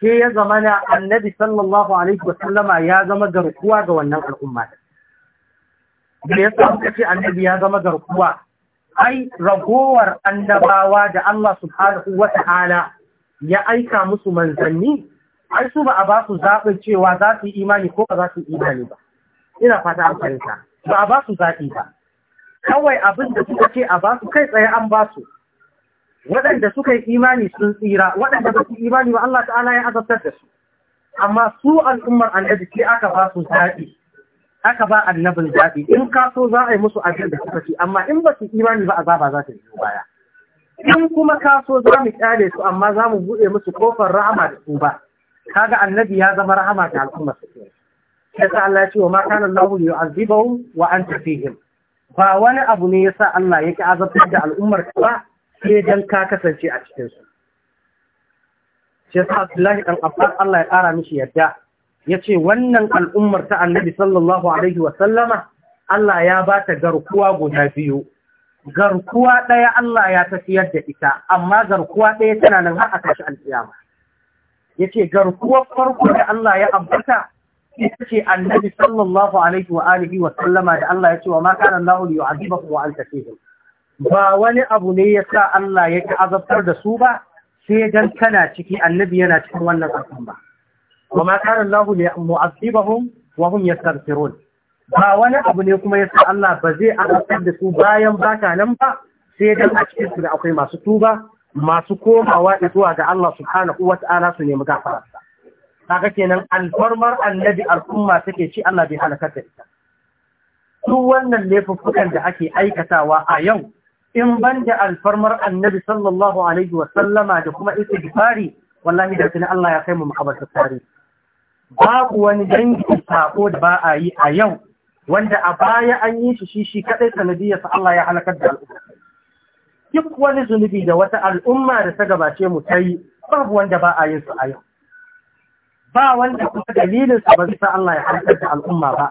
sai ya zama na annabi sallallahu alaihi wasallama ya zama garkuwa ga wannan al'umma da ya sa muka ce annabi ya zama garkuwa ai ragowar annabawa da Allah subhanahu wa ta'ala ya aika musu manzanni ai su ba a ba su zaɓin cewa za su yi imani ko ba za su yi imani ba ina fata an fahimta ba a ba su zaɓi ba kawai abin da suka ce a ba su kai tsaye an ba su waɗanda suka yi imani sun tsira waɗanda ba su imani ba Allah ta'ala ya azabtar da su amma su al'ummar annabi ke aka ba su zaɓi aka ba annabin zaɓi in ka so za a yi musu abin da suka ci amma in ba su imani ba azaba za ta yi baya in kuma ka so za mu kyale su amma za mu buɗe musu kofar rahama da su ba kaga annabi ya zama rahama ga al'ummar su kenan yasa Allah ya ce wa ma kana Allahu yu'azibahum wa anta fihim ba wani abu ne yasa Allah yake azabtar da al'ummar ba sai dan ka kasance a cikinsu. Shi yasa Abdullahi ɗan Abbas Allah ya ƙara mishi yadda ya ce wannan al'ummar ta annabi sallallahu Alaihi wasallama Allah ya ba ta garkuwa guda biyu. Garkuwa ɗaya Allah ya tafiyar da ita, amma garkuwa ɗaya tana nan har a kashi al'iyama. yace ce garkuwar farko da Allah ya ambata ita ce annabi sallallahu Alaihi wa wasallama da Allah ya ce wa makanan lahuli wa azibahu wa an tafihim. ba wani abu ne ya sa Allah ya ki azabtar da su ba sai dan tana ciki annabi yana cikin wannan akan ba kuma kana Allah ne mu'azzibahum wa hum yastaghfirun ba wani abu ne kuma ya sa Allah ba zai azabtar da su bayan ba ta nan ba sai dan a cikin su da akwai masu tuba masu komawa da zuwa ga Allah subhanahu wata'ala su nemi gafara kaga kenan alfarmar annabi al'umma take ci Allah bai halakar da ita duk wannan laifuffukan da ake aikatawa a yau in ban da alfarmar annabi sallallahu alaihi wa sallama da kuma istighfari wallahi da tuni Allah ya kai mu makabarta tare babu wani dangi sako da ba a yi a yau wanda a baya an yi shi shi kadai sanadiyar sa Allah ya halakar da al'umma duk wani zunubi da wata al'umma da ta gabace mu ta yi babu wanda ba a yin su a yau ba wanda kuma dalilin sa ba zai Allah ya halakar da al'umma ba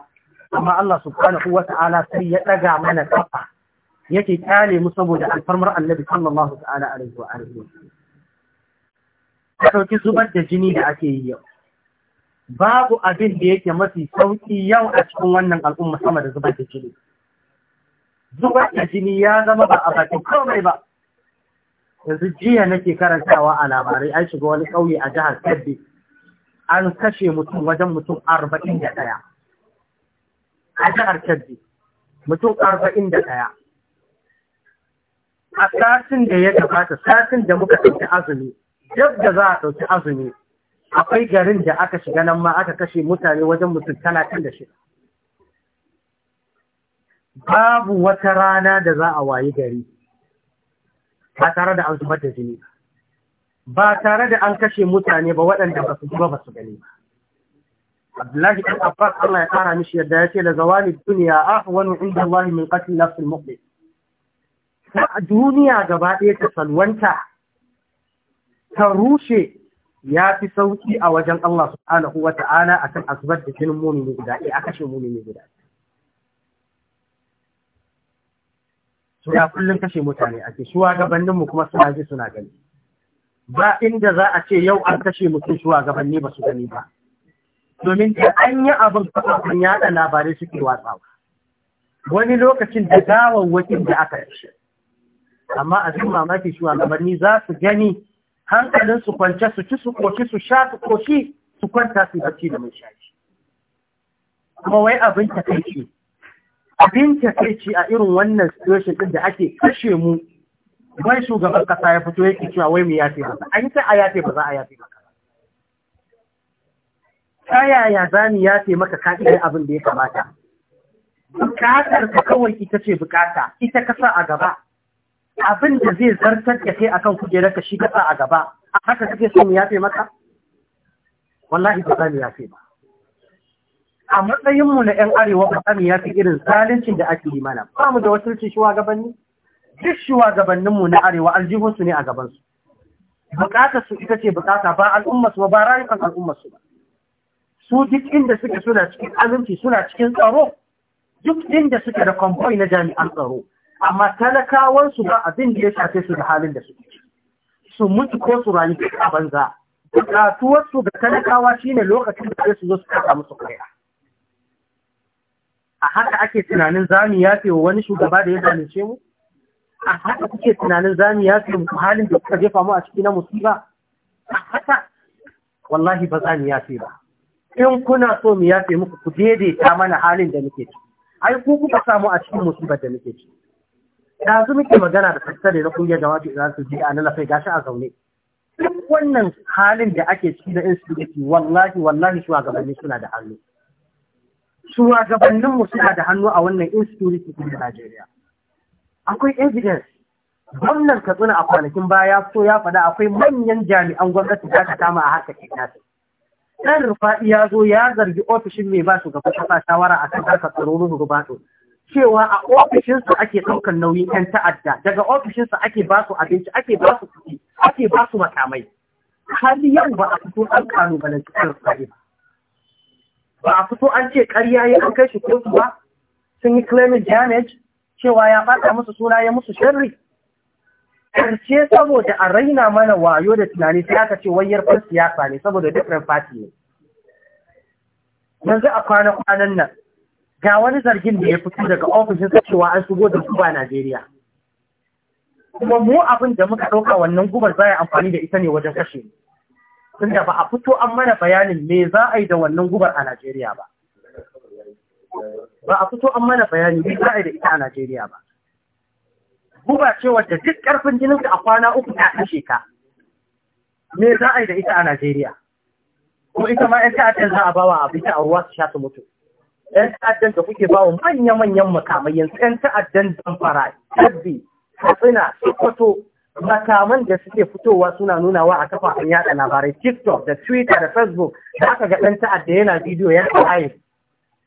amma Allah subhanahu wa ta'ala sai ya daga mana kafa yake kyale mu saboda alfarmar annabi sallallahu ta'ala alaihi wa alihi wa ka zubar da jini da ake yi yau babu abin da yake mafi sauki yau a cikin wannan al'umma sama da zubar da jini zubar da jini ya zama ba a bakin komai ba yanzu jiya nake karantawa a labarai an shiga wani ƙauye a jihar Kebbi an kashe mutum wajen mutum arba'in da ɗaya a jihar Kebbi mutum arba'in da ɗaya a satin da ya gabata satin da muka ɗauki azumi duk da za a ɗauki azumi akwai garin da aka shiga nan ma aka kashe mutane wajen mutum talatin da shida babu wata rana da za a wayi gari ba tare da an zubar da jini ba tare da an kashe mutane ba waɗanda ba su zuba ba su gani ba Abdullahi ɗan Abbas Allah ya ƙara mishi yadda ya ce da zawali duniya ahwanu inda Allah min qatl nafs al-mu'min a duniya gaba ɗaya ta salwanta ta rushe ya fi sauki a wajen Allah subhanahu wa ta'ala a kan asibar da jinin mumini guda ɗaya a kashe mumini guda su ya kullum kashe mutane ake gabaninmu kuma suna ji suna gani ba inda za a ce yau an kashe mutum shugabanni ba su gani ba domin ta an yi abin kafafun yada labarai suke watsawa wani lokacin da gawawwakin da aka kashe amma a cikin mamaki shugabanni za su gani hankalin su kwance su ci su koshi su sha su koshi su kwanta su bacci da mai shaki kuma wai abin takaici abin takaici a irin wannan situation din da ake kashe mu wai shugaban kasa ya fito yake cewa wai mu yafe masa an sai a yafe ba za a yafe maka ta yaya za mu yafe maka ka iya abin da ya kamata bukatar ka kawai ita ce bukata ita kasa a gaba abin da zai zartar da kai akan kujerarka shi kasa a gaba a haka kake so mu yafe maka wallahi ba za mu yafe ba a matsayinmu na 'yan arewa ba za mu yafe irin zalincin da ake yi mana ba mu da wakilcin shuwagabanni? duk shugabanninmu na arewa aljihunsu ne a gabansu bukata su ita ce bukata ba su ba ba rayukan su ba su duk inda suke suna cikin aminci suna cikin tsaro duk inda suke da kwamfoyi na jami'an tsaro amma talakawansu ba abin da ya shafe su da halin da su. su mutu ko su rayu a banza bukatuwarsu ga talakawa shine lokacin da su zo su kasa musu kariya a haka ake tunanin zamu yafe wa wani shugaba da ya zalunce mu a haka kuke tunanin zamu yafe mu halin da kuka jefa mu a ciki musiba a haka wallahi ba za mu yafe ba in kuna so mu yafe muku ku daidaita mana halin da muke ciki ai ku kuka samu a cikin musibar da muke ciki da su muke magana da tattare na kungiyar jama'a za su ji a lalafai gashi a zaune duk wannan halin da ake ciki da insecurity wallahi wallahi shugabanni suna da hannu shugabannin mu suna da hannu a wannan insecurity din Najeriya akwai evidence gwamnan Katsina a kwanakin baya so ya faɗa akwai manyan jami'an gwamnati da aka kama a haka ke nasa ɗan rufa ya zo ya zargi ofishin mai ba shugaban kasa shawara a kan harkar tsaro ruhu rubato cewa a ofishinsa ake ɗaukar nauyin 'yan ta'adda daga ofishinsa ake ba su abinci ake ba su kuɗi ake ba su makamai har yau ba a fito an kalubalen ba ba a fito an ce ƙarya ya an kai shi kotu ba sun yi claiming damage cewa ya ɓata musu suna ya musu sharri ƙarshe saboda a raina mana wayo da tunani sai aka ce wayar fan siyasa ne saboda different party ne yanzu a kwana-kwanan nan ga wani zargin da ya fito daga ofishin cewa an shigo da guba Najeriya kuma mu abin da muka ɗauka wannan gubar za a amfani da ita ne wajen kashe ni. da ba a fito an mana bayanin me za a yi da wannan gubar a Najeriya ba ba a fito an mana bayani me za a yi da ita a Najeriya ba guba ce wadda duk ƙarfin jinin a kwana uku ta kashe ka me za a yi da ita a Najeriya ko ita ma 'yan ta'adda za a bawa abinci a ruwa su sha su mutu 'yan ta'addan da kuke bawa manya-manyan makamai 'yan ta'addan damfara tabbi katsina sokoto makaman da suke fitowa suna nunawa a kafafen yada labarai tiktok da twitter da facebook da aka ga ɗan ta'adda yana bidiyo ya live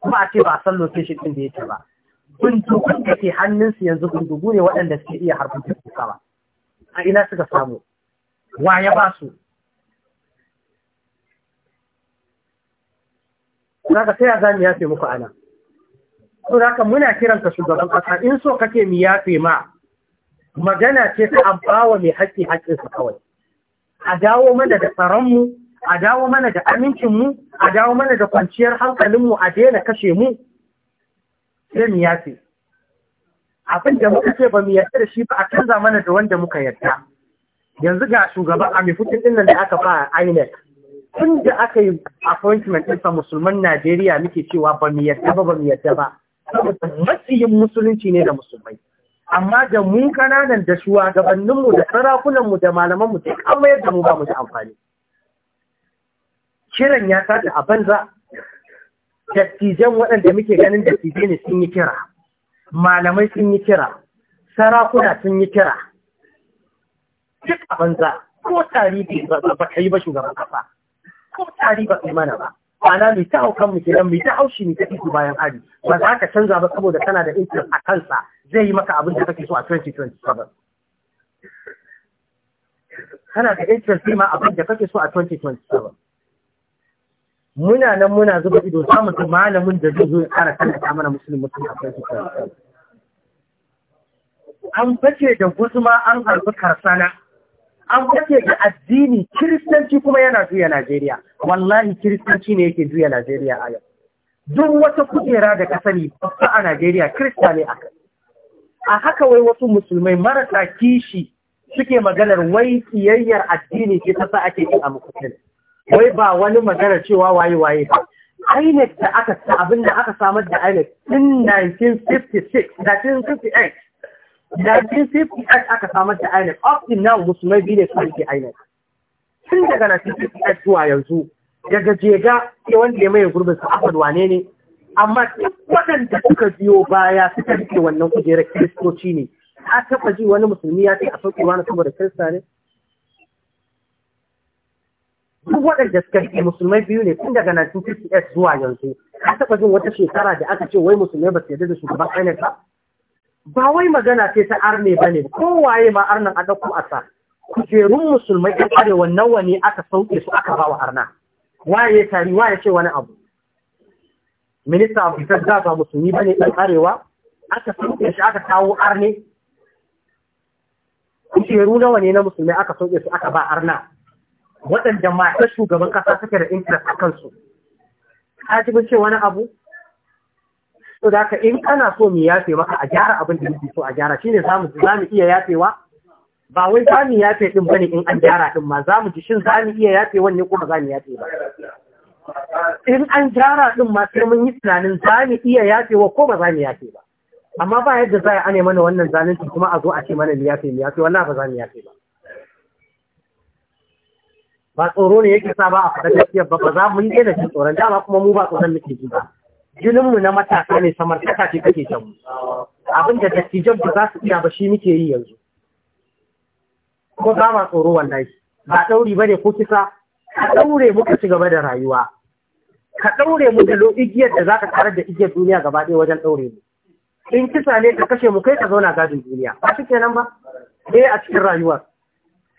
kuma a ce ba a san location ɗin da yake ba bindigun da ke hannunsu yanzu bindigu ne waɗanda suke iya harbin kuka ba a ina suka samu wa ya ba su za sai taya za mu yafe muku ana to haka muna kiranta shugaban ƙasa in so kake mu yafe ma magana ce ta abawa mai haƙƙi haƙƙinsa kawai a dawo mana da tsaronmu a dawo mana da amincinmu a dawo mana da kwanciyar hankalinmu a daina kashe mu sai mu yafe abin da muka ce ba mu yarda da shi ba a canza mana da wanda muka yarda yanzu ga shugaban a mifutin ɗin nan da aka ba a INEC tun da aka yi appointment ɗinsa musulman Najeriya muke cewa ba mu yadda ba ba mu yadda ba saboda matsiyin musulunci ne da musulmai amma da mu kananan da shugabanninmu da sarakunanmu da malamanmu da an mayar da mu ba mu da amfani kiran ya sace a banza dattijan waɗanda muke ganin dattijai ne sun yi kira malamai sun yi kira sarakuna sun yi kira duk a banza ko tarihi ba ka yi ba shugaban kasa ko tari ba kai mana ba ma'ana mai ta haukan mu kenan mai ta haushi mai ta iko bayan hari ba za ka canza ba saboda kana da interest a kansa zai yi maka abin da kake so a 2027 kana da interest ma abin da kake so a 2027 muna nan muna zuba ido samun malamin da zai zo ya kara mana musulun mutum a 2027 an bace da wasu ma an harbi karsana an kwace ga addini kiristanci kuma yana juya Najeriya wallahi kiristanci ne yake juya Najeriya a yau duk wata kujera da ka sani babba a Najeriya kirista ne aka a haka wai wasu musulmai marasa kishi suke maganar wai kiyayyar addini ke ta ake yi a mukutun. wai ba wani maganar cewa waye waye ba INEC da aka abin da aka samar da INEC in 1956 1958 1958 aka samar da INEC up till now musulmai biyu ne suke INEC tun daga 1958 zuwa yanzu daga jega ke wanda ya maye gurbin sa afad wane ne amma duk waɗanda suka biyo baya suka rike wannan kujerar kiristoci ne Ka taɓa ji wani musulmi ya ce a sauƙi wani saboda kirista ne duk waɗanda suka rike musulmai biyu ne tun daga 1958 zuwa yanzu ka taɓa jin wata shekara da aka ce wai musulmai ba su yarda da shugaban INEC ba ba wai magana ce ta arne ba ne kowaye ma arnan a ɗauko a sa kujerun musulmai ɗan arewa nawa ne aka sauke su aka ba wa arna waye tari waye ce wani abu minista abu ta da musulmi ba ne ɗan arewa aka sauke shi aka kawo arne kujeru nawa ne na musulmai aka sauke su aka ba arna waɗanda ta shugaban ƙasa suke da intanet a kansu ka ji ce wani abu to da ka in kana so mu yafe maka a gyara abin da muke so a gyara shine zamu zamu iya yafewa ba wai zamu yafe din bane in an gyara din ma zamu ji shin zamu iya yafe wanne kuma zamu yafe ba in an gyara din ma sai mun yi tunanin zamu iya yafewa ko ba zamu yafe ba amma ba yadda za a ane mana wannan zalunci kuma a zo a ce mana mu yafe mu yafe wannan ba za mu yafe ba ba tsoro ne yake sa ba a fada gaskiya ba ba za mu daina jin tsoron dama kuma mu ba tsoron muke ji ba jininmu na matasa ne samar ta ce kake mu abin da dattijan ba za su iya ba shi muke yi yanzu ko ba ma tsoro wallahi ba ɗauri ba ne ko kisa ka ɗaure muka ci gaba da rayuwa ka ɗaure mu da igiyar da za ka tarar da igiyar duniya gaba ɗaya wajen ɗaure mu in kisa ne ka kashe mu kai ka zauna gadin duniya ba shi kenan ba eh a cikin rayuwar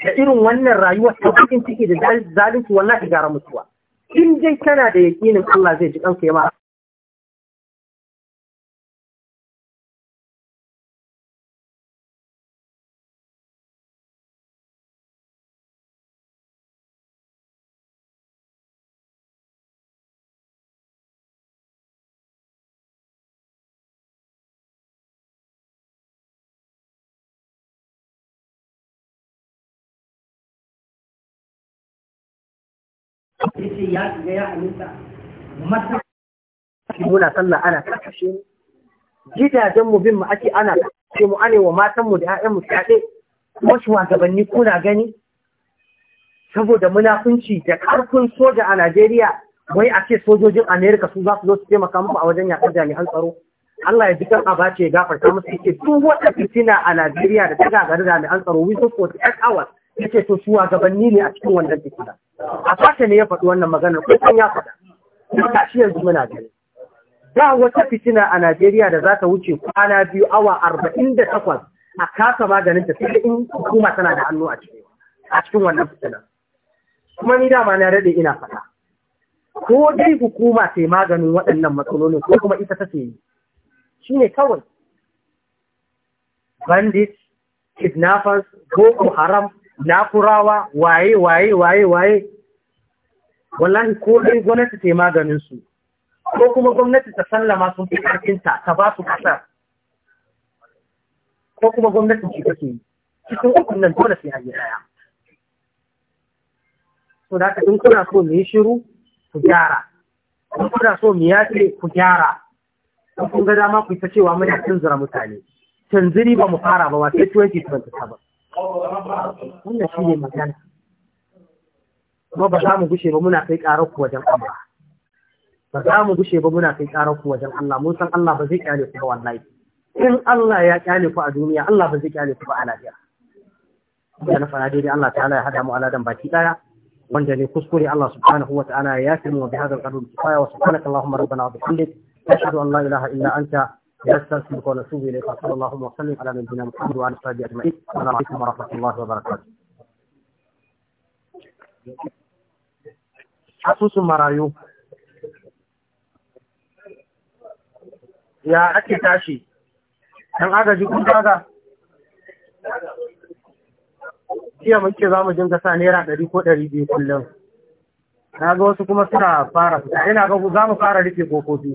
da irin wannan rayuwar ta cikin ciki da zalunci wallahi gara mutuwa in dai kana da yaƙinin Allah zai ji kanka ma yace ya shiga ya aminta mata muna sallah ana kashe gidajen mu bin mu ake ana kashe mu arewa matan mu da ƴaƴan mu kaɗe kuma shugabanni kuna gani saboda munafunci da karfin soja a Najeriya wai a ce sojojin Amerika su za su zo su taimaka muku a wajen yaƙar jami'an tsaro Allah ya ji kan abace ya gafarta musu yake duk wata fitina a Najeriya da ta gagari jami'an tsaro we just for 8 hours ya ce to gabanni ne a cikin wannan fitina a sashe ne ya faɗi wannan maganar ko kan ya faɗa kuma shi yanzu muna gani da wata fitina a Najeriya da za ta wuce kwana biyu awa arba'in da takwas a kasa maganin ta sai in hukuma tana da hannu a cikin a cikin wannan fitina kuma ni dama na daɗe ina faɗa ko dai hukuma ta yi maganin waɗannan matsalolin ko kuma ita take yi ne kawai Bandit! kidnappers boko haram nakurawa waye waye waye waye wallahi ko dai gwamnati ta yi maganin su ko kuma gwamnati ta sallama sun fi karfinta ta ba su kasar ko kuma gwamnati ce take yi cikin ukun nan dole sai an yi daya so da in kuna so mu yi shiru ku gyara in kuna so mu yace ku gyara in kun ga dama ku ta cewa muna tunzura mutane canziri ba mu fara ba wa sai 2027 wannan shi ne magana kuma ba za mu gushe ba muna kai ƙarar ku wajen Allah ba za mu gushe ba muna kai ƙarar ku wajen Allah mun san Allah ba zai kyale ku ba wallahi in Allah ya kyale ku a duniya Allah ba zai kyale ku ba a lafiya da na fara daidai Allah ta'ala ya hada mu aladan baki daya wanda ne kuskure Allah subhanahu wa ta'ala ya yafi mu bi hadal qadr kifaya wa subhanaka allahumma rabbana wa bihamdik ashhadu an la ilaha illa anta نستغفرك ونتوب اليك وصلى اللهم وسلم على نبينا محمد وعلى اله اجمعين السلام عليكم ورحمه الله وبركاته asusun marayu ya ake tashi ɗan agaji kun daga iya muke za mu dinga naira ɗari ko ɗari biyu kullum na ga wasu kuma suna fara ina ga za fara rufe kofofi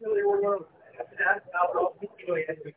Really, we're going to have to ask about all the